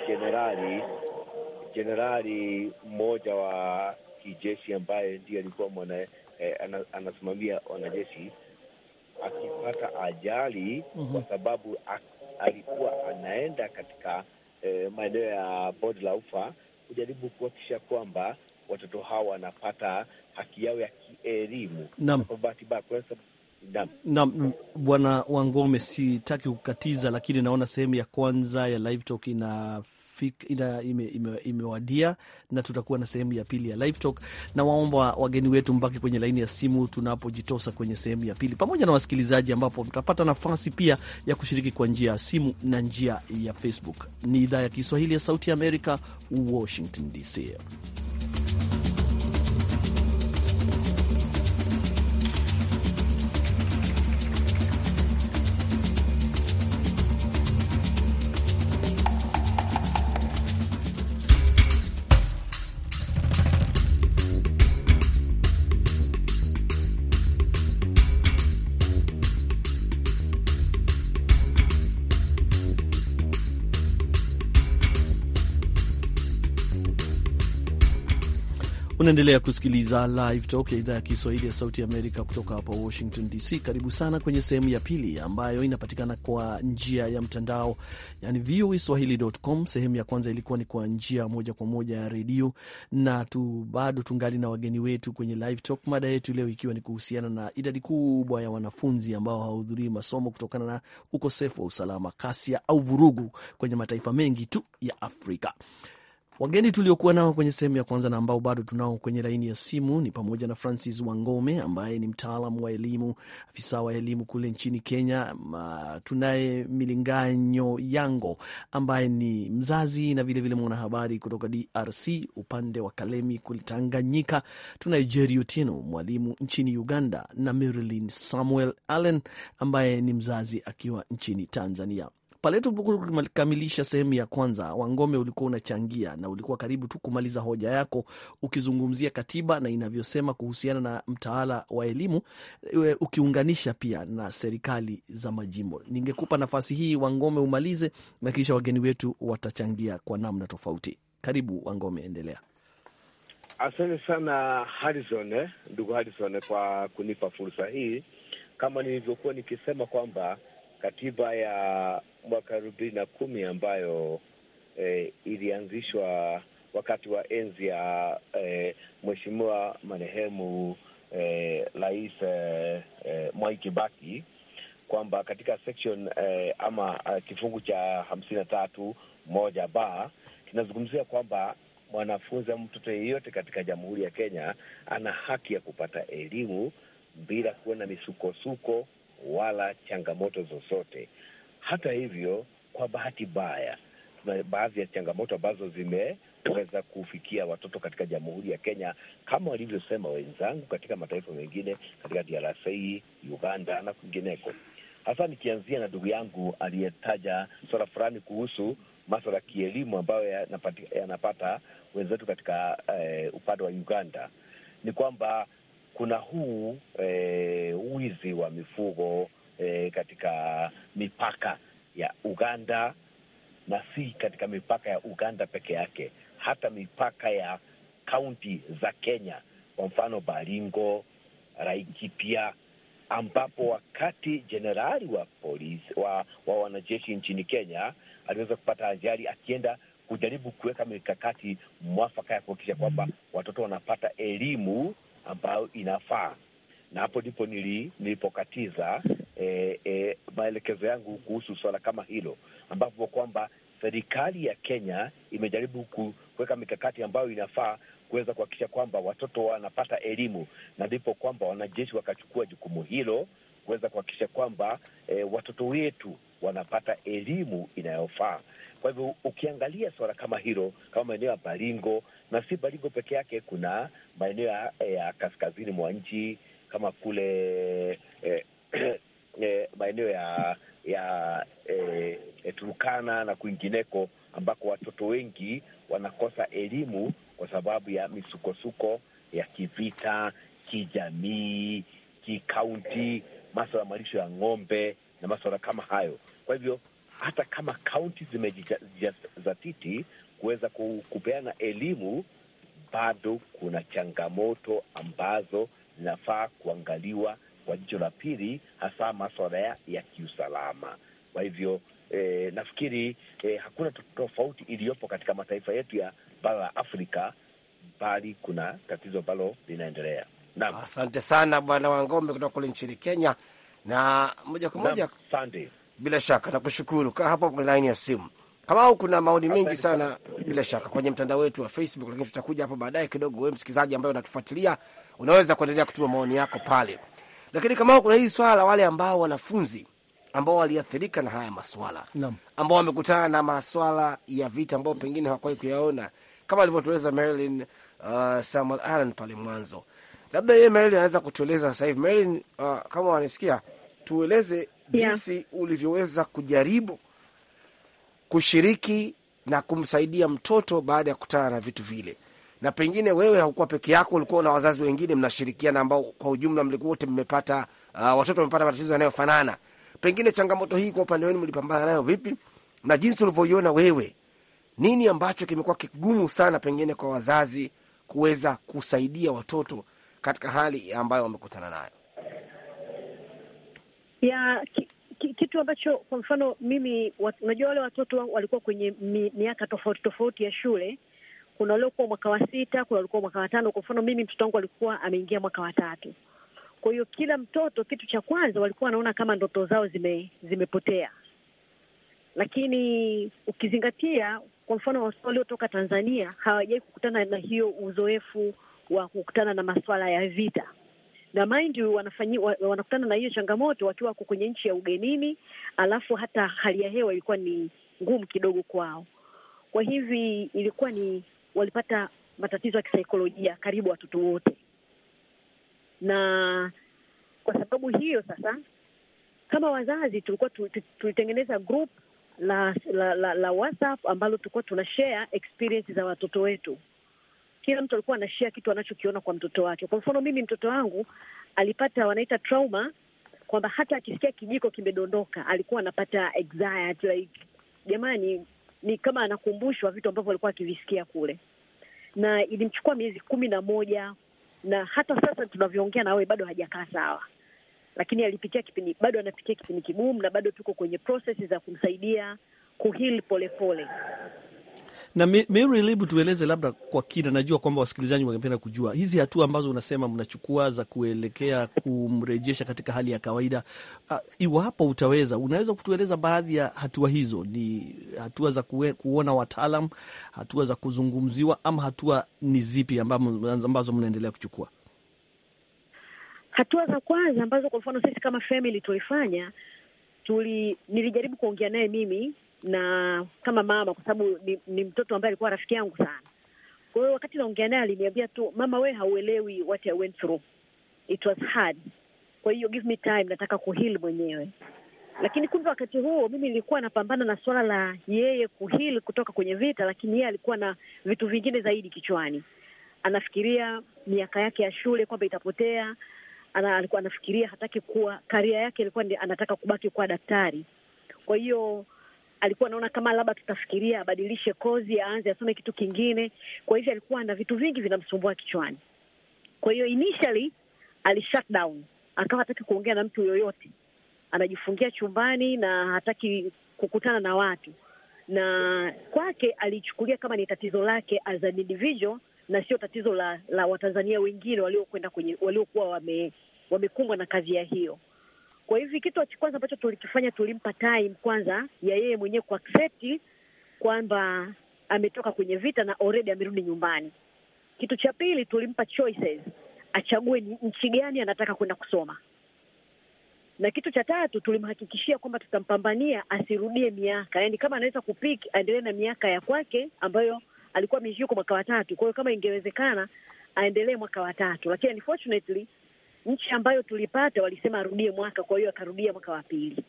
jenerali jenerali mmoja wa kijeshi ambaye ndiye alikuwa mwana eh, anasimamia wanajeshi akipata ajali mm -hmm. kwa sababu a, alikuwa anaenda katika eh, maeneo ya bod la ufa kujaribu kuhakikisha kwamba watoto hawa wanapata haki yao ya kielimu. Naam, Bwana Wangome, sitaki kukatiza, lakini naona sehemu ya kwanza ya Live Talk ina imewadia ime, na tutakuwa na sehemu ya pili ya live talk, na waomba wageni wetu mbaki kwenye laini ya simu tunapojitosa kwenye sehemu ya pili, pamoja na wasikilizaji, ambapo mtapata nafasi pia ya kushiriki kwa njia ya simu na njia ya Facebook. Ni idhaa ya Kiswahili ya Sauti ya Amerika, Washington DC. Unaendelea kusikiliza Live Talk ya idhaa ya Kiswahili ya Sauti Amerika kutoka hapa Washington DC. Karibu sana kwenye sehemu ya pili ambayo inapatikana kwa njia ya mtandao, yani VOA swahili.com. Sehemu ya kwanza ilikuwa ni kwa njia moja kwa moja ya redio, na tu bado tungali na wageni wetu kwenye Live Talk, mada yetu leo ikiwa ni kuhusiana na idadi kubwa ya wanafunzi ambao hawahudhurii masomo kutokana na ukosefu wa usalama, kasia au vurugu kwenye mataifa mengi tu ya Afrika. Wageni tuliokuwa nao kwenye sehemu ya kwanza na ambao bado tunao kwenye laini ya simu ni pamoja na Francis Wangome ambaye ni mtaalamu wa elimu, afisa wa elimu kule nchini Kenya. Tunaye Milinganyo Yango ambaye ni mzazi na vilevile mwanahabari kutoka DRC upande wa Kalemi kule Tanganyika. Tunaye Jeri Otieno, mwalimu nchini Uganda, na Marilyn Samuel Allen ambaye ni mzazi akiwa nchini Tanzania. Pale tulipokamilisha sehemu ya kwanza, Wangome, ulikuwa unachangia na ulikuwa karibu tu kumaliza hoja yako ukizungumzia katiba na inavyosema kuhusiana na mtaala wa elimu eh, ukiunganisha pia na serikali za majimbo. Ningekupa nafasi hii Wangome umalize na kisha wageni wetu watachangia kwa namna tofauti. Karibu Wangome, endelea. Asante sana Harrison, eh, ndugu Harrison, kwa kunipa fursa hii. Kama nilivyokuwa nikisema kwamba katiba ya mwaka elfu mbili na kumi ambayo eh, ilianzishwa wakati wa enzi ya eh, mheshimiwa marehemu eh, rais eh, eh, Mwai Kibaki kwamba katika section eh, ama eh, kifungu cha hamsini na tatu moja ba kinazungumzia kwamba mwanafunzi ama mtoto yeyote katika Jamhuri ya Kenya ana haki ya kupata elimu bila kuwa na misukosuko wala changamoto zozote. Hata hivyo, kwa bahati mbaya, tuna baadhi ya changamoto ambazo zimeweza kufikia watoto katika Jamhuri ya Kenya, kama walivyosema wenzangu katika mataifa mengine, katika DRC, Uganda na kwingineko. Hasa nikianzia na ndugu yangu aliyetaja swala fulani kuhusu maswala ya kielimu ambayo yanapata wenzetu katika eh, upande wa Uganda ni kwamba kuna huu e, wizi wa mifugo e, katika mipaka ya Uganda na si katika mipaka ya Uganda peke yake, hata mipaka ya kaunti za Kenya, kwa mfano Baringo, Laikipia, ambapo wakati jenerali wa polisi wa, wa wanajeshi nchini Kenya aliweza kupata ajali akienda kujaribu kuweka mikakati mwafaka ya kuhakikisha kwamba watoto wanapata elimu ambayo inafaa, na hapo ndipo nili, nilipokatiza e, e, maelekezo yangu kuhusu suala kama hilo, ambapo kwamba serikali ya Kenya imejaribu kuweka mikakati ambayo inafaa kuweza kuhakikisha kwamba watoto wanapata elimu, na ndipo kwamba wanajeshi wakachukua jukumu hilo kuweza kuhakikisha kwamba e, watoto wetu wanapata elimu inayofaa. Kwa hivyo ukiangalia suala kama hilo, kama maeneo ya Baringo na si Baringo peke yake, kuna maeneo ya eh, kaskazini mwa nchi kama kule eh, eh, maeneo ya ya eh, Turukana na kwingineko ambako watoto wengi wanakosa elimu kwa sababu ya misukosuko ya kivita, kijamii, kikaunti, maswala ya malisho ya ng'ombe na maswala kama hayo. Kwa hivyo hata kama kaunti zimejizatiti kuweza kupeana elimu, bado kuna changamoto ambazo zinafaa kuangaliwa kwa jicho la pili, hasa maswala ya kiusalama. Kwa hivyo eh, nafikiri eh, hakuna tofauti iliyopo katika mataifa yetu ya bara la Afrika, bali kuna tatizo ambalo linaendelea. Naam, asante sana Bwana Wangombe kutoka kule nchini Kenya na moja kwa moja. Bila shaka nakushukuru, kaa hapo kwenye laini ya simu kama au kuna maoni mengi sana bila shaka kwenye mtandao wetu wa Facebook, lakini tutakuja hapo baadaye kidogo. Wewe msikilizaji ambaye unatufuatilia unaweza kuendelea kutuma maoni yako pale, lakini kama au kuna hili swala la wale ambao wanafunzi ambao waliathirika na haya maswala ambao wamekutana na maswala ya vita ambao pengine hawakuwahi kuyaona, kama alivyotueleza Marilyn uh, Samuel Allen pale mwanzo, labda yeye Marilyn anaweza kutueleza sasa hivi. Marilyn, uh, kama wanisikia tueleze jinsi yeah, ulivyoweza kujaribu kushiriki na kumsaidia mtoto baada ya kutana na vitu vile, na pengine wewe haukuwa peke yako, ulikuwa na wazazi wengine mnashirikiana, ambao kwa ujumla mlikuwa wote mmepata uh, watoto wamepata matatizo yanayofanana. Pengine changamoto hii kwa upande wenu mlipambana nayo vipi, na jinsi ulivyoiona wewe, nini ambacho kimekuwa kigumu sana pengine kwa wazazi kuweza kusaidia watoto katika hali ambayo wamekutana nayo? ya kitu ambacho kwa mfano mimi, unajua wale watoto walikuwa kwenye miaka tofauti tofauti ya shule. Kuna waliokuwa mwaka wa sita, kuna waliokuwa mwaka wa tano. Kwa mfano mimi, mtoto wangu alikuwa ameingia mwaka wa tatu. Kwa hiyo kila mtoto, kitu cha kwanza walikuwa wanaona kama ndoto zao zime, zimepotea, lakini ukizingatia kwa mfano waliotoka Tanzania hawajawahi kukutana na hiyo uzoefu wa kukutana na masuala ya vita na mind you wanafanyi, wanakutana na hiyo changamoto wakiwa wako kwenye nchi ya ugenini, alafu hata hali ya hewa ilikuwa ni ngumu kidogo kwao. Kwa hivi ilikuwa ni walipata matatizo ya kisaikolojia karibu watoto wote, na kwa sababu hiyo sasa, kama wazazi tulikuwa tulitengeneza group la, la, la, la WhatsApp ambalo tulikuwa tuna share experience za watoto wetu kila mtu alikuwa anashia kitu anachokiona kwa mtoto wake. Kwa mfano mimi mtoto wangu alipata wanaita trauma, kwamba hata akisikia kijiko kimedondoka alikuwa anapata anxiety like, jamani, ni kama anakumbushwa vitu ambavyo alikuwa akivisikia kule, na ilimchukua miezi kumi na moja na hata sasa tunavyoongea na wewe bado hajakaa sawa, lakini alipitia kipindi, bado anapitia kipindi kigumu, na bado tuko kwenye process za kumsaidia kuheal polepole pole. Na Mary, hebu tueleze labda kwa kina, najua kwamba wasikilizaji wangependa kujua hizi hatua ambazo unasema mnachukua za kuelekea kumrejesha katika hali ya kawaida. Uh, iwapo utaweza, unaweza kutueleza baadhi ya hatua hizo? Ni hatua za kue, kuona wataalam, hatua za kuzungumziwa, ama hatua ni zipi ambazo mnaendelea kuchukua? Hatua za kwanza ambazo kwa mfano sisi kama family tulifanya tuli, nilijaribu kuongea naye mimi na kama mama, kwa sababu ni, ni mtoto ambaye alikuwa rafiki yangu sana. Kwa hiyo wakati naongea naye aliniambia tu, mama, we hauelewi what I went through, it was hard, kwa hiyo give me time, nataka kuheal mwenyewe. Lakini kumbe wakati huo mimi nilikuwa napambana na swala la yeye kuheal kutoka kwenye vita, lakini yeye alikuwa na vitu vingine zaidi kichwani. Anafikiria miaka yake ya shule kwamba itapotea ana, alikuwa anafikiria hataki kuwa, karia yake ilikuwa anataka kubaki kuwa daktari, kwa hiyo alikuwa anaona kama labda tutafikiria abadilishe kozi, aanze asome kitu kingine. Kwa hivyo alikuwa na vitu vingi vinamsumbua kichwani. Kwa hiyo initially ali shut down, akawa hataki kuongea na mtu yoyote, anajifungia chumbani na hataki kukutana na watu, na kwake alichukulia kama ni tatizo lake as an individual na sio tatizo la la Watanzania wengine waliokwenda kwenye waliokuwa wame, wamekumbwa na kadhia hiyo. Kwa hivi kitu cha kwanza ambacho tulikifanya tulimpa time kwanza ya yeye mwenyewe kuaccept kwamba ametoka kwenye vita na already amerudi nyumbani. Kitu cha pili tulimpa choices achague ni nchi gani anataka kwenda kusoma, na kitu cha tatu tulimhakikishia kwamba tutampambania asirudie miaka, yaani kama anaweza kupiki aendelee na miaka ya kwake ambayo alikuwa ameishi kwa mwaka wa tatu. Kwa hiyo kama ingewezekana aendelee mwaka wa tatu, lakini unfortunately nchi ambayo tulipata walisema arudie mwaka, kwa hiyo akarudia mwaka wa pili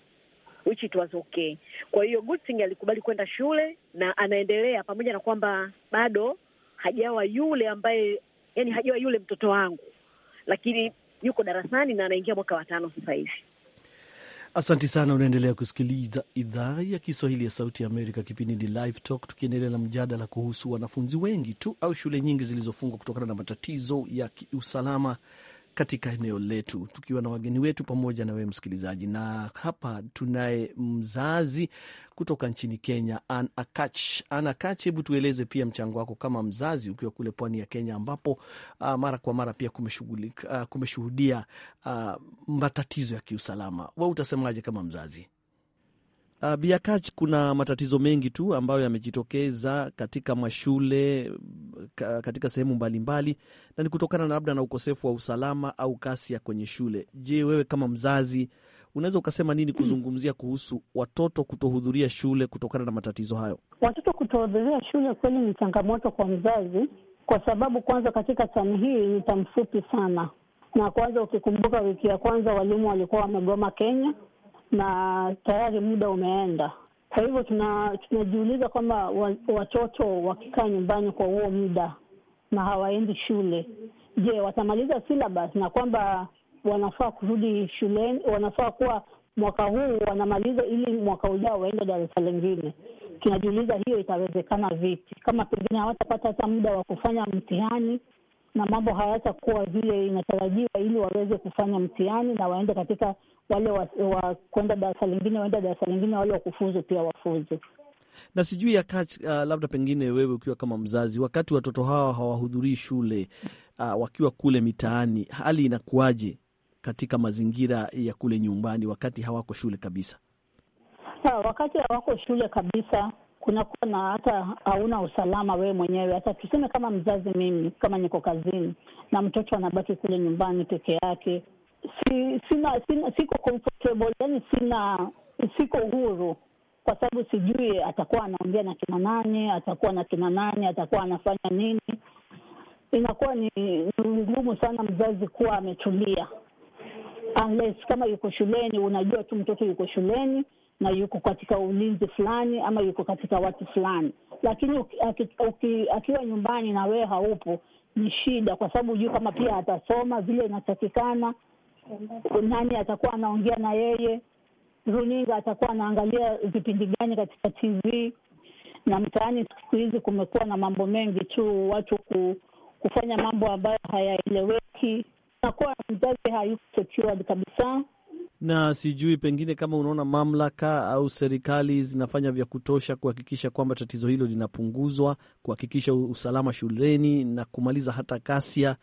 which it was okay. Kwa hiyo Gutsing alikubali kwenda shule na anaendelea, pamoja na kwamba bado hajawa yule ambaye, yani hajawa yule mtoto wangu, lakini yuko darasani na anaingia mwaka wa tano sasa hivi. Asante sana. Unaendelea kusikiliza idhaa ya Kiswahili ya Sauti ya Amerika. Kipindi ni Live Talk, tukiendelea na mjadala kuhusu wanafunzi wengi tu au shule nyingi zilizofungwa kutokana na matatizo ya kiusalama katika eneo letu, tukiwa na wageni wetu pamoja na wewe msikilizaji. Na hapa tunaye mzazi kutoka nchini Kenya, Ann Akach. Ann Akach, hebu tueleze pia mchango wako kama mzazi ukiwa kule pwani ya Kenya, ambapo uh, mara kwa mara pia kumeshughulika uh, kumeshuhudia uh, matatizo ya kiusalama. We utasemaje kama mzazi? Uh, ah, Biakach, kuna matatizo mengi tu ambayo yamejitokeza katika mashule katika sehemu mbalimbali, na ni kutokana labda na ukosefu wa usalama au kasi ya kwenye shule. Je, wewe kama mzazi unaweza ukasema nini kuzungumzia kuhusu watoto kutohudhuria shule kutokana na matatizo hayo? Watoto kutohudhuria shule kweli ni changamoto kwa mzazi, kwa sababu kwanza katika tani hii ni tamfupi sana, na kwanza ukikumbuka wiki ya kwanza walimu walikuwa wamegoma Kenya na tayari muda umeenda. Kwa hivyo tunajiuliza tuna kwamba watoto wakikaa nyumbani kwa huo muda na hawaendi shule, je, watamaliza syllabus na kwamba wanafaa kurudi shuleni, wanafaa kuwa mwaka huu wanamaliza ili mwaka ujao waende darasa lingine. Tunajiuliza hiyo itawezekana vipi, kama pengine hawatapata hata muda wa kufanya mtihani na mambo hayatakuwa vile inatarajiwa, ili waweze kufanya mtihani na waende katika wale wa, wa kwenda darasa lingine waenda darasa lingine, wale wakufuzu pia wafuzu. Na sijui ya kati, uh, labda pengine wewe ukiwa kama mzazi, wakati watoto hawa hawahudhurii shule uh, wakiwa kule mitaani, hali inakuwaje katika mazingira ya kule nyumbani wakati hawako shule kabisa? Ha, ah, wakati hawako shule kabisa kunakuwa na hata hauna usalama wewe mwenyewe. Hata tuseme kama mzazi, mimi kama niko kazini na mtoto anabaki kule nyumbani peke yake, si, sina, sina siko comfortable, yani sina siko huru kwa sababu sijui atakuwa anaongea na kina nani, atakuwa na kina nani, atakuwa anafanya nini. Inakuwa ni ngumu sana mzazi kuwa ametulia, unless kama yuko shuleni, unajua tu mtoto yuko shuleni na yuko katika ulinzi fulani ama yuko katika watu fulani, lakini akiwa nyumbani na wewe haupo, ni shida, kwa sababu hujui kama pia atasoma vile inatakikana nani atakuwa anaongea na yeye, runinga atakuwa anaangalia vipindi gani katika TV. Na mtaani siku hizi kumekuwa na mambo mengi tu, watu ku, kufanya mambo ambayo hayaeleweki, nakuwa mzazi hayuko kabisa na sijui pengine kama unaona mamlaka au serikali zinafanya vya kutosha kuhakikisha kwamba tatizo hilo linapunguzwa, kuhakikisha usalama shuleni na kumaliza hata kasia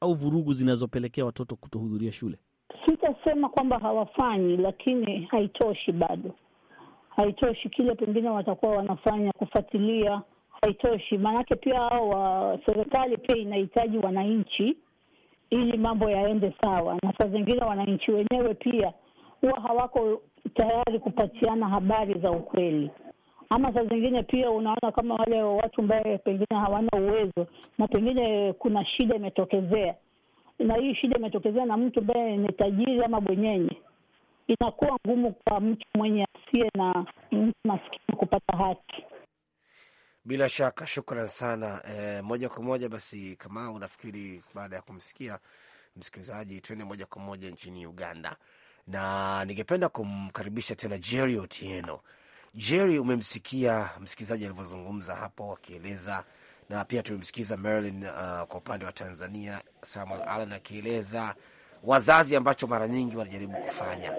au vurugu zinazopelekea watoto kutohudhuria shule sitasema kwamba hawafanyi, lakini haitoshi, bado haitoshi. Kile pengine watakuwa wanafanya kufuatilia, haitoshi. Maanake pia hao wa serikali pia inahitaji wananchi ili mambo yaende sawa, na saa zingine wananchi wenyewe pia huwa hawako tayari kupatiana habari za ukweli, ama saa zingine pia unaona kama wale watu ambaye pengine hawana uwezo na pengine kuna shida imetokezea na hii shida imetokezea na mtu ambaye ni tajiri ama bwenyenye, inakuwa ngumu kwa mtu mwenye asiye na mtu maskini kupata haki. Bila shaka, shukran sana. E, moja kwa moja basi, kama unafikiri baada ya kumsikia msikilizaji, tuende moja kwa moja nchini Uganda na ningependa kumkaribisha tena Jerry Otieno. Jerry, umemsikia msikilizaji alivyozungumza hapo akieleza na pia tumemsikiza Marilyn uh, kwa upande wa Tanzania Samuel Allen akieleza wazazi ambacho mara nyingi wanajaribu kufanya,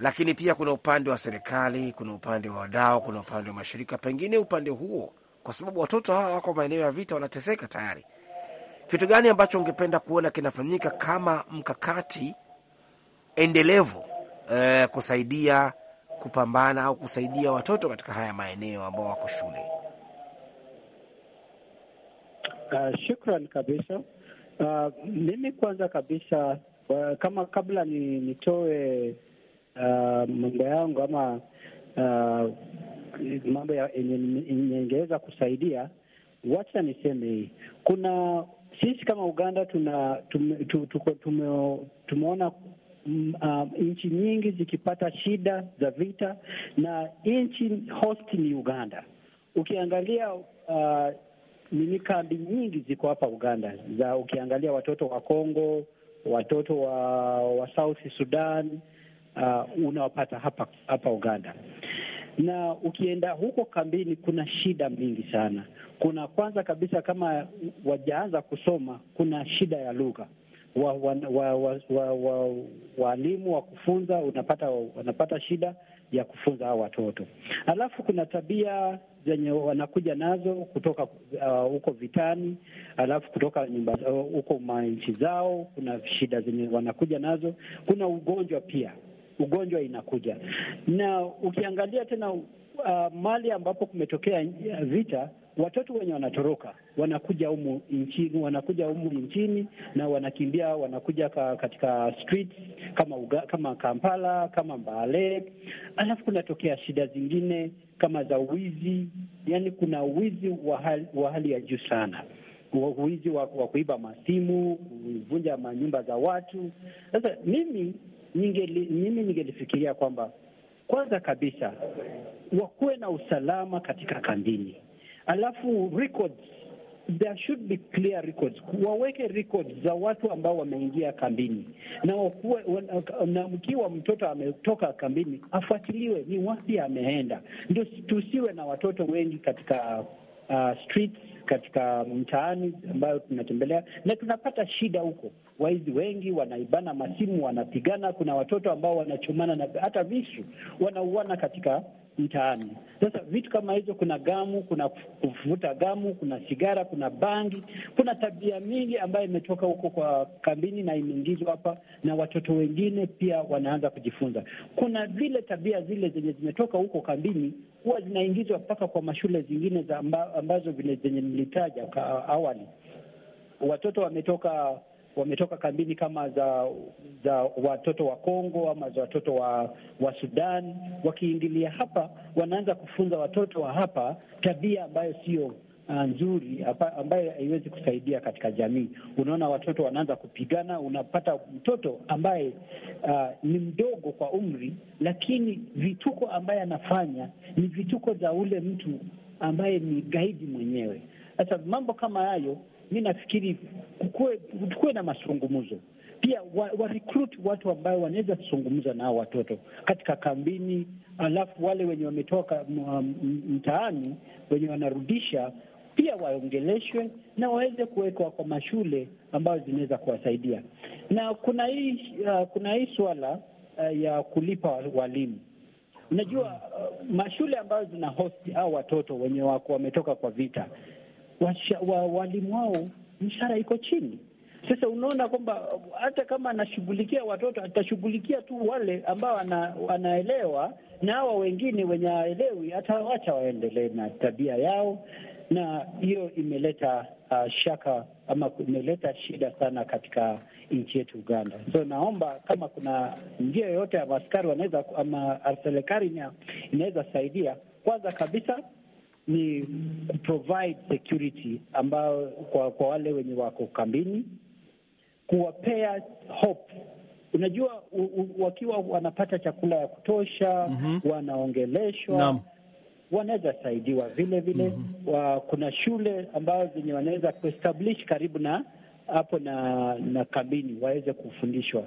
lakini pia kuna upande wa serikali, kuna upande wa wadau, kuna upande wa mashirika. Pengine upande huo, kwa sababu watoto hawa wako maeneo ya vita, wanateseka tayari, kitu gani ambacho ungependa kuona kinafanyika kama mkakati endelevu eh, kusaidia kupambana au kusaidia watoto katika haya maeneo ambao wako shule? Uh, shukran kabisa. Uh, mimi kwanza kabisa uh, kama kabla ni, nitoe uh, mambo yangu ama uh, mambo yenye ingeweza kusaidia, wacha niseme hii, kuna sisi kama Uganda tuna tume, tumeona um, nchi nyingi zikipata shida za vita na nchi host ni Uganda. Ukiangalia uh, nini, kambi nyingi ziko hapa Uganda za ukiangalia watoto wa Kongo, watoto wa, wa South Sudan uh, unawapata hapa hapa Uganda na ukienda huko kambini kuna shida mingi sana. Kuna kwanza kabisa, kama wajaanza kusoma, kuna shida ya lugha. Waalimu wa, wa, wa, wa, wa, wa kufunza unapata wanapata shida ya kufunza hao watoto. Alafu kuna tabia zenye wanakuja nazo kutoka uh, huko uh, vitani, alafu kutoka nyumba uh, huko uh, manchi zao. Kuna shida zenye wanakuja nazo, kuna ugonjwa pia, ugonjwa inakuja na ukiangalia tena uh, mali ambapo kumetokea vita watoto wenye wanatoroka wanakuja humu nchini, wanakuja humu nchini na wanakimbia, wanakuja ka, katika streets kama uga, kama Kampala kama Mbale, alafu kunatokea shida zingine kama za uwizi yani kuna uwizi wa hali, wa hali ya juu sana uwizi wa, wa kuiba masimu, kuvunja manyumba za watu. Sasa mimi ningeli, mimi ningelifikiria kwamba kwanza kabisa wakuwe na usalama katika kambini alafu records, there should be clear records. Waweke records za watu ambao wameingia kambini na wakuwe, na mkiwa mtoto ametoka kambini afuatiliwe ni wapi ameenda, ndio tusiwe na watoto wengi katika uh, streets katika mtaani ambayo tunatembelea na tunapata shida huko. Waizi wengi wanaibana masimu, wanapigana. Kuna watoto ambao wanachomana na hata visu, wanauana katika mtaani. Sasa vitu kama hizo, kuna gamu, kuna kuvuta gamu, kuna sigara, kuna bangi, kuna tabia mingi ambayo imetoka huko kwa kambini na imeingizwa hapa, na watoto wengine pia wanaanza kujifunza. Kuna vile tabia zile zenye zimetoka huko kambini huwa zinaingizwa mpaka kwa mashule zingine za ambazo vile zenye nilitaja awali. Watoto wametoka wametoka kambini kama za za watoto wa Kongo ama za watoto wa, wa Sudan. Wakiingilia hapa, wanaanza kufunza watoto wa hapa tabia ambayo sio ah, nzuri ambayo haiwezi kusaidia katika jamii. Unaona, watoto wanaanza kupigana. Unapata mtoto ambaye uh, ni mdogo kwa umri, lakini vituko ambaye anafanya ni vituko za ule mtu ambaye ni gaidi mwenyewe. Sasa mambo kama hayo mi nafikiri kukuwe na masungumzo pia wa, wa recruit watu ambao wanaweza kuzungumza nao watoto katika kambini, alafu wale wenye wametoka mtaani wenye wanarudisha pia waongeleshwe na waweze kuwekwa kwa mashule ambayo zinaweza kuwasaidia. Na kuna hii uh, kuna hii swala uh, ya kulipa walimu. Unajua uh, mashule ambayo zina host au watoto wenye wako wametoka kwa vita walimu wa, wao mishahara iko chini. Sasa unaona kwamba hata kama anashughulikia watoto atashughulikia tu wale ambao wanaelewa, na hawa wengine wenye haelewi atawacha waendelee na tabia yao, na hiyo imeleta uh, shaka ama imeleta shida sana katika nchi yetu Uganda. So naomba kama kuna njia yoyote ya askari wanaweza ama serikali inaweza saidia, kwanza kabisa ni kuprovide security ambayo kwa, kwa wale wenye wako kambini, kuwapea hope. Unajua u, u, wakiwa wanapata chakula ya kutosha mm -hmm. wanaongeleshwa no wanaweza saidiwa vile vile mm -hmm. wa, kuna shule ambazo zenye wanaweza kuestablish karibu na hapo na na kambini waweze kufundishwa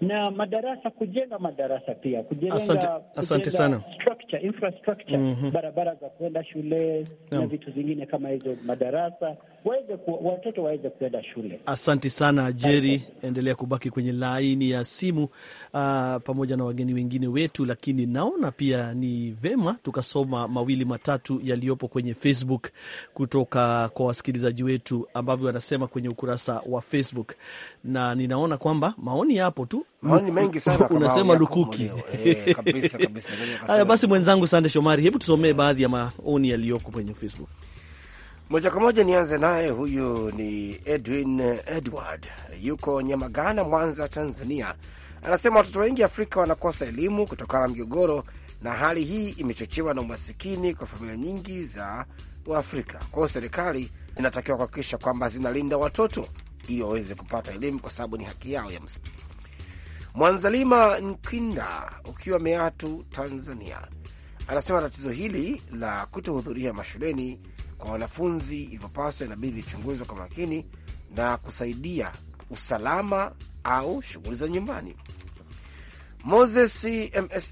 na madarasa, kujenga madarasa pia kujenga, asante, asante sana. Structure, infrastructure mm -hmm. barabara za kuenda shule no. na vitu zingine kama hizo, madarasa waweze ku, watoto waweze kuenda shule. Asante sana Jerry, endelea kubaki kwenye laini ya simu uh, pamoja na wageni wengine wetu, lakini naona pia ni vema tukasoma mawili matatu yaliyopo kwenye Facebook kutoka kwa wasikilizaji wetu ambavyo wanasema kwenye ukurasa wa Facebook, na ninaona kwamba maoni yapo tu maoni mengi sana unasema lukuki e, basi, mwenzangu Sande Shomari, hebu tusomee baadhi ya maoni yaliyoko kwenye Facebook moja kwa moja. Nianze naye, huyu ni Edwin Edward, yuko Nyamagana, Mwanza, Tanzania. Anasema watoto wengi Afrika wanakosa elimu kutokana na migogoro, na hali hii imechochewa na umasikini kwa familia nyingi za Waafrika. Kwa hiyo serikali zinatakiwa kuhakikisha kwamba zinalinda watoto ili waweze kupata elimu, kwa sababu ni haki yao ya msingi. Mwanzalima Nkwinda ukiwa Meatu, Tanzania, anasema tatizo hili la kutohudhuria mashuleni kwa wanafunzi ilivyopaswa inabidi lichunguzwa kwa makini na kusaidia usalama au shughuli za nyumbani. Moses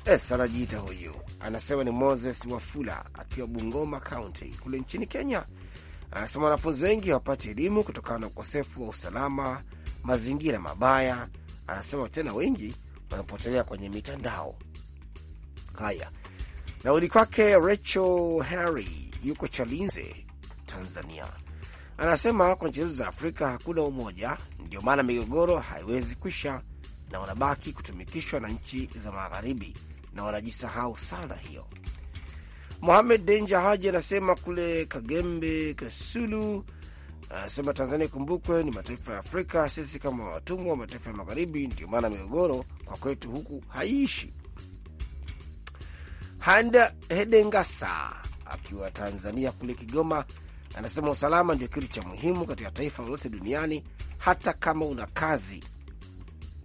Mss anajiita huyu, anasema ni Moses Wafula akiwa Bungoma County kule nchini Kenya. Anasema wanafunzi wengi hawapati elimu kutokana na ukosefu wa usalama, mazingira mabaya anasema tena wengi wamepotelea kwenye mitandao. Haya, nauli kwake. Rachel Harry yuko Chalinze, Tanzania, anasema kwa nchi zetu za Afrika hakuna umoja, ndio maana migogoro haiwezi kwisha na wanabaki kutumikishwa na nchi za Magharibi na wanajisahau sana hiyo. Mohamed Denja Haji anasema kule Kagembe, Kasulu anasema Tanzania ikumbukwe ni mataifa ya Afrika, sisi kama watumwa wa mataifa ya Magharibi, ndio maana migogoro kwa kwetu huku haiishi. Handa Hedengasa akiwa Tanzania kule Kigoma anasema usalama ndio kitu cha muhimu katika taifa lolote duniani. Hata kama una kazi,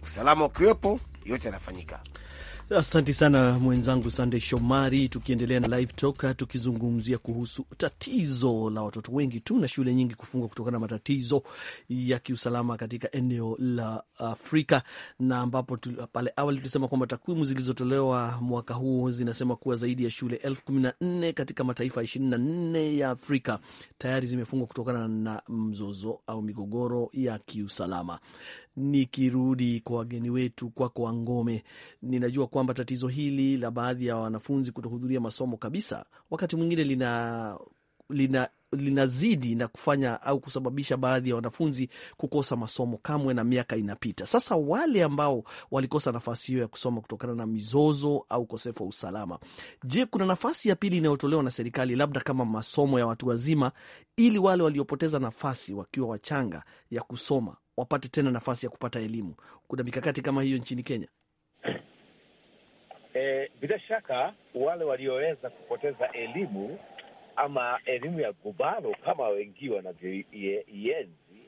usalama ukiwepo, yote yanafanyika. Asante sana mwenzangu Sandey Shomari. Tukiendelea na Live Talk tukizungumzia kuhusu tatizo la watoto wengi tu na shule nyingi kufungwa kutokana na matatizo ya kiusalama katika eneo la Afrika, na ambapo pale awali tulisema kwamba takwimu zilizotolewa mwaka huu zinasema kuwa zaidi ya shule elfu kumi na nne katika mataifa ishirini na nne ya Afrika tayari zimefungwa kutokana na mzozo au migogoro ya kiusalama nikirudi kwa wageni wetu kwako kwa Wangome, ninajua kwamba tatizo hili la baadhi ya wanafunzi kutohudhuria masomo kabisa wakati mwingine lina lina linazidi na kufanya au kusababisha baadhi ya wanafunzi kukosa masomo kamwe, na miaka inapita. Sasa wale ambao walikosa nafasi hiyo ya kusoma kutokana na mizozo au ukosefu wa usalama, je, kuna nafasi ya pili inayotolewa na serikali, labda kama masomo ya watu wazima, ili wale waliopoteza nafasi wakiwa wachanga ya kusoma wapate tena nafasi ya kupata elimu. Kuna mikakati kama hiyo nchini Kenya? E, bila shaka wale walioweza kupoteza elimu ama elimu ya gubaro kama wengi wanavyoienzi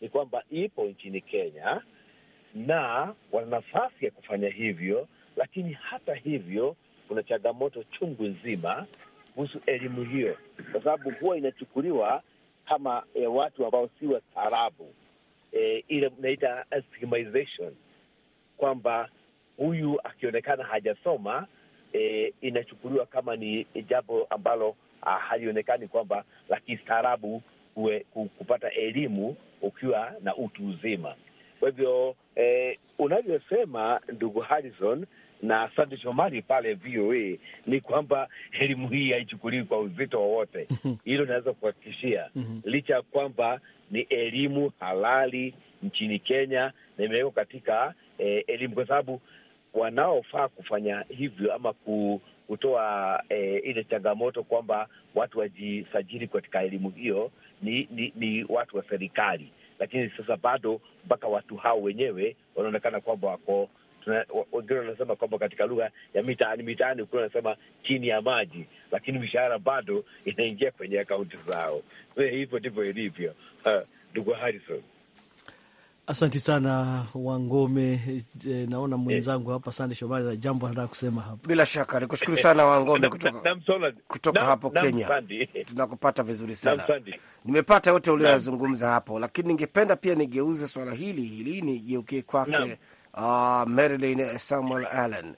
ni kwamba ipo nchini Kenya na wana nafasi ya kufanya hivyo, lakini hata hivyo kuna changamoto chungu nzima kuhusu elimu hiyo, kwa sababu huwa inachukuliwa kama e, watu ambao si wastaarabu eh, ile naita stigmatization kwamba huyu akionekana hajasoma eh, inachukuliwa kama ni jambo ambalo ah, halionekani kwamba la kistaarabu kupata elimu ukiwa na utu uzima. Kwa hivyo eh, unavyosema ndugu Harrison na Sande Shomari pale VOA ni kwamba elimu hii haichukuliwi kwa uzito wowote. Mhm. Hilo inaweza kuhakikishia, mhm. licha ya kwamba ni elimu halali nchini Kenya na imewekwa katika eh, elimu, kwa sababu wanaofaa kufanya hivyo ama ku kutoa eh, ile changamoto kwamba watu wajisajili katika elimu hiyo ni, ni, ni watu wa serikali, lakini sasa bado mpaka watu hao wenyewe wanaonekana kwamba wako wengine wanasema kwamba katika lugha ya mitaani mitaani ukiwa wanasema chini ya maji, lakini mishahara bado inaingia kwenye akaunti zao. Hivyo ndivyo ilivyo, ndugu Harison. Asanti sana Wangome. E, naona mwenzangu hapa Sande Shomari na jambo anataka kusema hapa. Bila shaka nikushukuru sana Wangome kutoka, kutoka hapo Kenya. Tunakupata vizuri sana, nimepata yote ulioyazungumza hapo, lakini ningependa pia nigeuze swala hili hili nigeukie kwake uh, Marilyn Samuel Allen.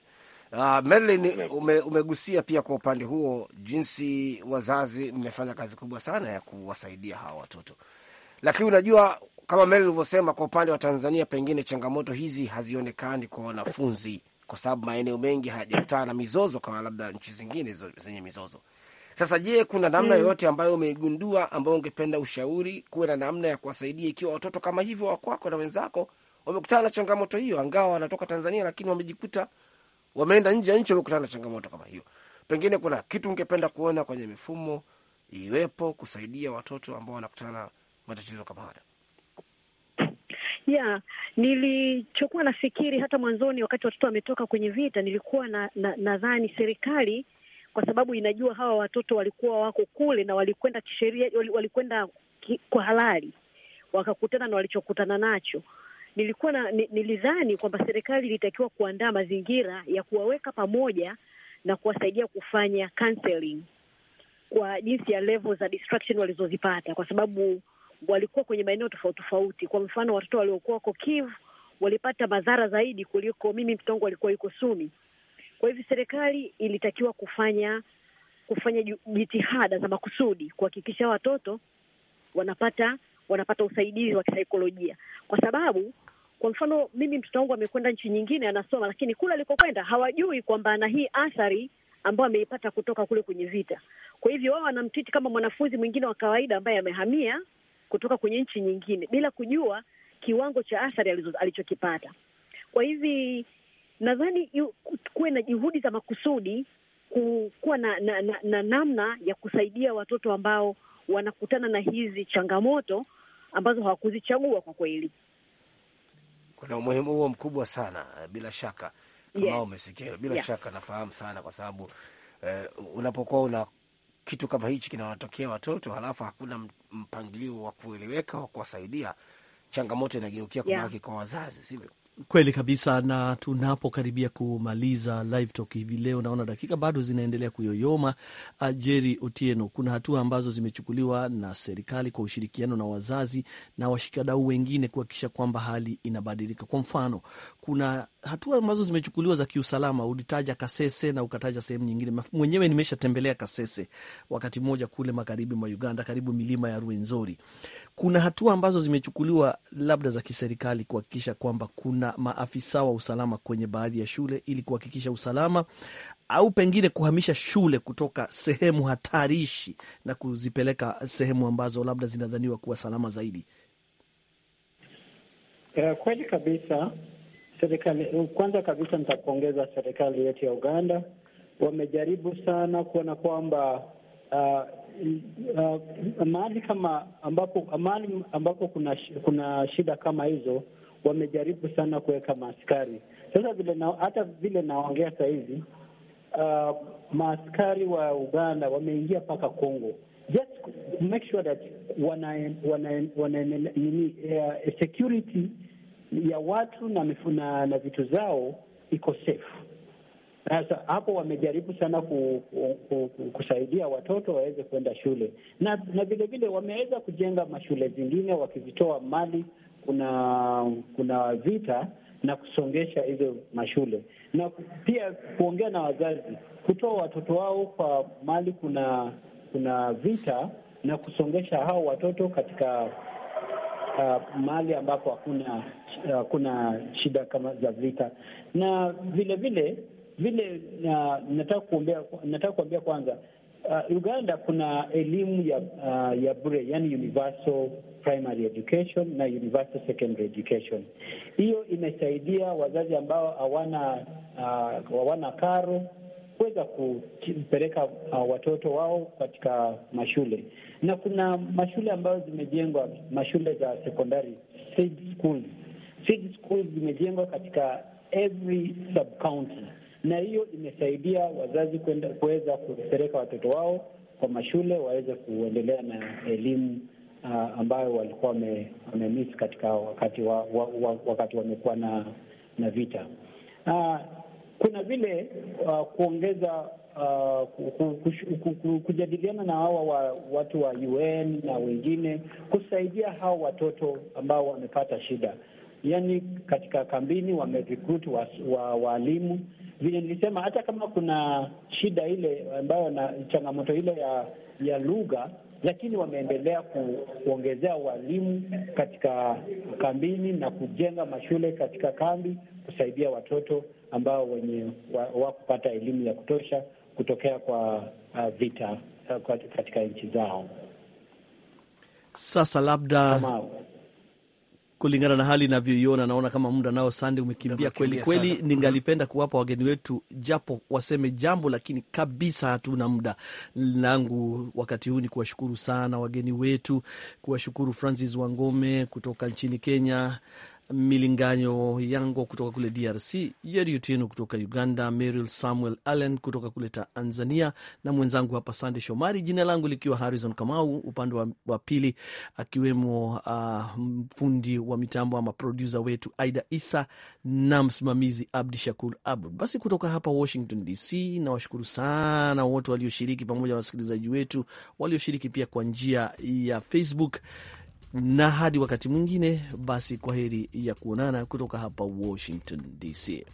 Uh, Marilyn, ume, umegusia pia kwa upande huo jinsi wazazi mmefanya kazi kubwa sana ya kuwasaidia hawa watoto, lakini unajua kama Marilyn ulivyosema, kwa upande wa Tanzania pengine changamoto hizi hazionekani kwa wanafunzi kwa sababu maeneo mengi hayajakutana na mizozo kama labda nchi zingine zenye mizozo. Sasa je, kuna namna hmm. yoyote ambayo umeigundua ambayo ungependa ushauri kuwe na namna ya kuwasaidia ikiwa watoto kama hivyo wakwako na wenzako wamekutana na changamoto hiyo, angawa wanatoka Tanzania, lakini wamejikuta wameenda nje ya nchi, wamekutana na changamoto kama hiyo. Pengine kuna kitu ungependa kuona kwenye mifumo iwepo kusaidia watoto ambao wanakutana matatizo kama haya? Yeah, nilichokuwa nafikiri hata mwanzoni wakati watoto wametoka kwenye vita, nilikuwa na nadhani na serikali kwa sababu inajua hawa watoto walikuwa wako kule na walikwenda kisheria, walikwenda kwa halali, wakakutana na walichokutana nacho nilikuwa na, nilidhani kwamba serikali ilitakiwa kuandaa mazingira ya kuwaweka pamoja na kuwasaidia kufanya counseling kwa jinsi ya level za distraction walizozipata, kwa sababu walikuwa kwenye maeneo tofauti tofauti. Kwa mfano, watoto waliokuwa wako Kivu walipata madhara zaidi kuliko mimi, mtoto wangu alikuwa yuko Sumi. Kwa hivyo serikali ilitakiwa kufanya kufanya jitihada za makusudi kuhakikisha watoto wanapata wanapata usaidizi wa kisaikolojia, kwa sababu kwa mfano mimi mtoto wangu amekwenda nchi nyingine anasoma, lakini kule alikokwenda hawajui kwamba ana hii athari ambayo ameipata kutoka kule kwenye vita. Kwa hivyo wao wanamtiti kama mwanafunzi mwingine wa kawaida ambaye amehamia kutoka kwenye nchi nyingine bila kujua kiwango cha athari alichokipata. Kwa hivi nadhani kuwe na juhudi za makusudi kuwa na, na, na, na namna ya kusaidia watoto ambao wanakutana na hizi changamoto ambazo hawakuzichagua kwa kweli kuna umuhimu huo mkubwa sana eh, bila shaka kama yeah. Umesikia bila yeah. shaka nafahamu sana kwa sababu eh, unapokuwa una kitu kama hichi kinawatokea watoto halafu hakuna mpangilio wa kueleweka wa kuwasaidia, changamoto inageukia kubaki yeah. kwa wazazi, sivyo? Kweli kabisa, na tunapokaribia kumaliza live talk hivi leo, naona dakika bado zinaendelea kuyoyoma. Ah, Jeri Otieno, kuna hatua ambazo zimechukuliwa na serikali kwa ushirikiano na wazazi na washikadau wengine kuhakikisha kwamba hali inabadilika. Kwa mfano, kuna hatua ambazo zimechukuliwa za kiusalama, ulitaja Kasese na ukataja sehemu nyingine. Mwenyewe nimeshatembelea Kasese wakati mmoja kule magharibi mwa Uganda, karibu milima ya Ruenzori. Kuna hatua ambazo zimechukuliwa labda za kiserikali kuhakikisha kwamba kuna na maafisa wa usalama kwenye baadhi ya shule ili kuhakikisha usalama au pengine kuhamisha shule kutoka sehemu hatarishi na kuzipeleka sehemu ambazo labda zinadhaniwa kuwa salama zaidi? Eh, kweli kabisa. Serikali, kwanza kabisa nitapongeza serikali yetu ya Uganda, wamejaribu sana kuona kwamba uh, uh, mahali kama ambapo mahali ambapo kuna, kuna shida kama hizo wamejaribu sana kuweka maaskari. Sasa vile na, hata vile naongea saa hizi uh, maaskari wa Uganda wameingia mpaka Congo just make sure that wana, wana, wana, nini, uh, security ya watu na mifuna, na vitu zao iko safe. Sasa hapo wamejaribu sana ku, ku, ku, kusaidia watoto waweze kwenda shule na na vilevile wameweza kujenga mashule zingine wakizitoa mali kuna kuna vita na kusongesha hizo mashule na pia kuongea na wazazi kutoa watoto wao kwa mali kuna kuna vita na kusongesha hao watoto katika uh, mahali ambapo hakuna uh, kuna shida kama za vita, na vile vile vile uh, nataka kuambia nataka kuambia kwanza uh, Uganda kuna elimu ya uh, ya bure yani universal primary education na universal secondary education. Hiyo imesaidia wazazi ambao hawana uh, karo kuweza kupeleka uh, watoto wao katika mashule, na kuna mashule ambayo zimejengwa, mashule za sekondari seed schools. Seed schools zimejengwa katika every sub county na hiyo imesaidia wazazi kwenda kuweza kupeleka watoto wao kwa mashule waweze kuendelea na elimu uh, ambayo walikuwa wamemiss katika wakati wa, wa, wa, wakati wamekuwa na na vita. Uh, kuna vile uh, kuongeza uh, kujadiliana na hawa wa, watu wa UN na wengine kusaidia hao watoto ambao wamepata shida yani katika kambini wa waalimu wa, vile nilisema, hata kama kuna shida ile ambayo na changamoto ile ya ya lugha, lakini wameendelea kuongezea walimu katika kambini na kujenga mashule katika kambi kusaidia watoto ambao wenye wakupata wa elimu ya kutosha kutokea kwa uh, vita uh, katika nchi zao. Sasa labda Kamau kulingana na hali inavyoiona, naona kama muda nao sande umekimbia kweli kweli. Ningalipenda kuwapa wageni wetu japo waseme jambo, lakini kabisa hatuna muda. Langu wakati huu ni kuwashukuru sana wageni wetu, kuwashukuru Francis Wangome kutoka nchini Kenya, milinganyo yango kutoka kule DRC, Jeri kutoka Uganda, Meril Samuel Allen kutoka kule Tanzania na mwenzangu hapa Sande Shomari, jina langu likiwa Harrison Kamau upande wa, wa pili akiwemo ah, mfundi wa mitambo ama produsa wetu Aida Isa na msimamizi Abdi Shakur Abud. Basi kutoka hapa Washington DC nawashukuru sana wote walioshiriki pamoja na wasikilizaji wetu walioshiriki pia kwa njia ya Facebook na hadi wakati mwingine, basi kwa heri ya kuonana kutoka hapa Washington DC.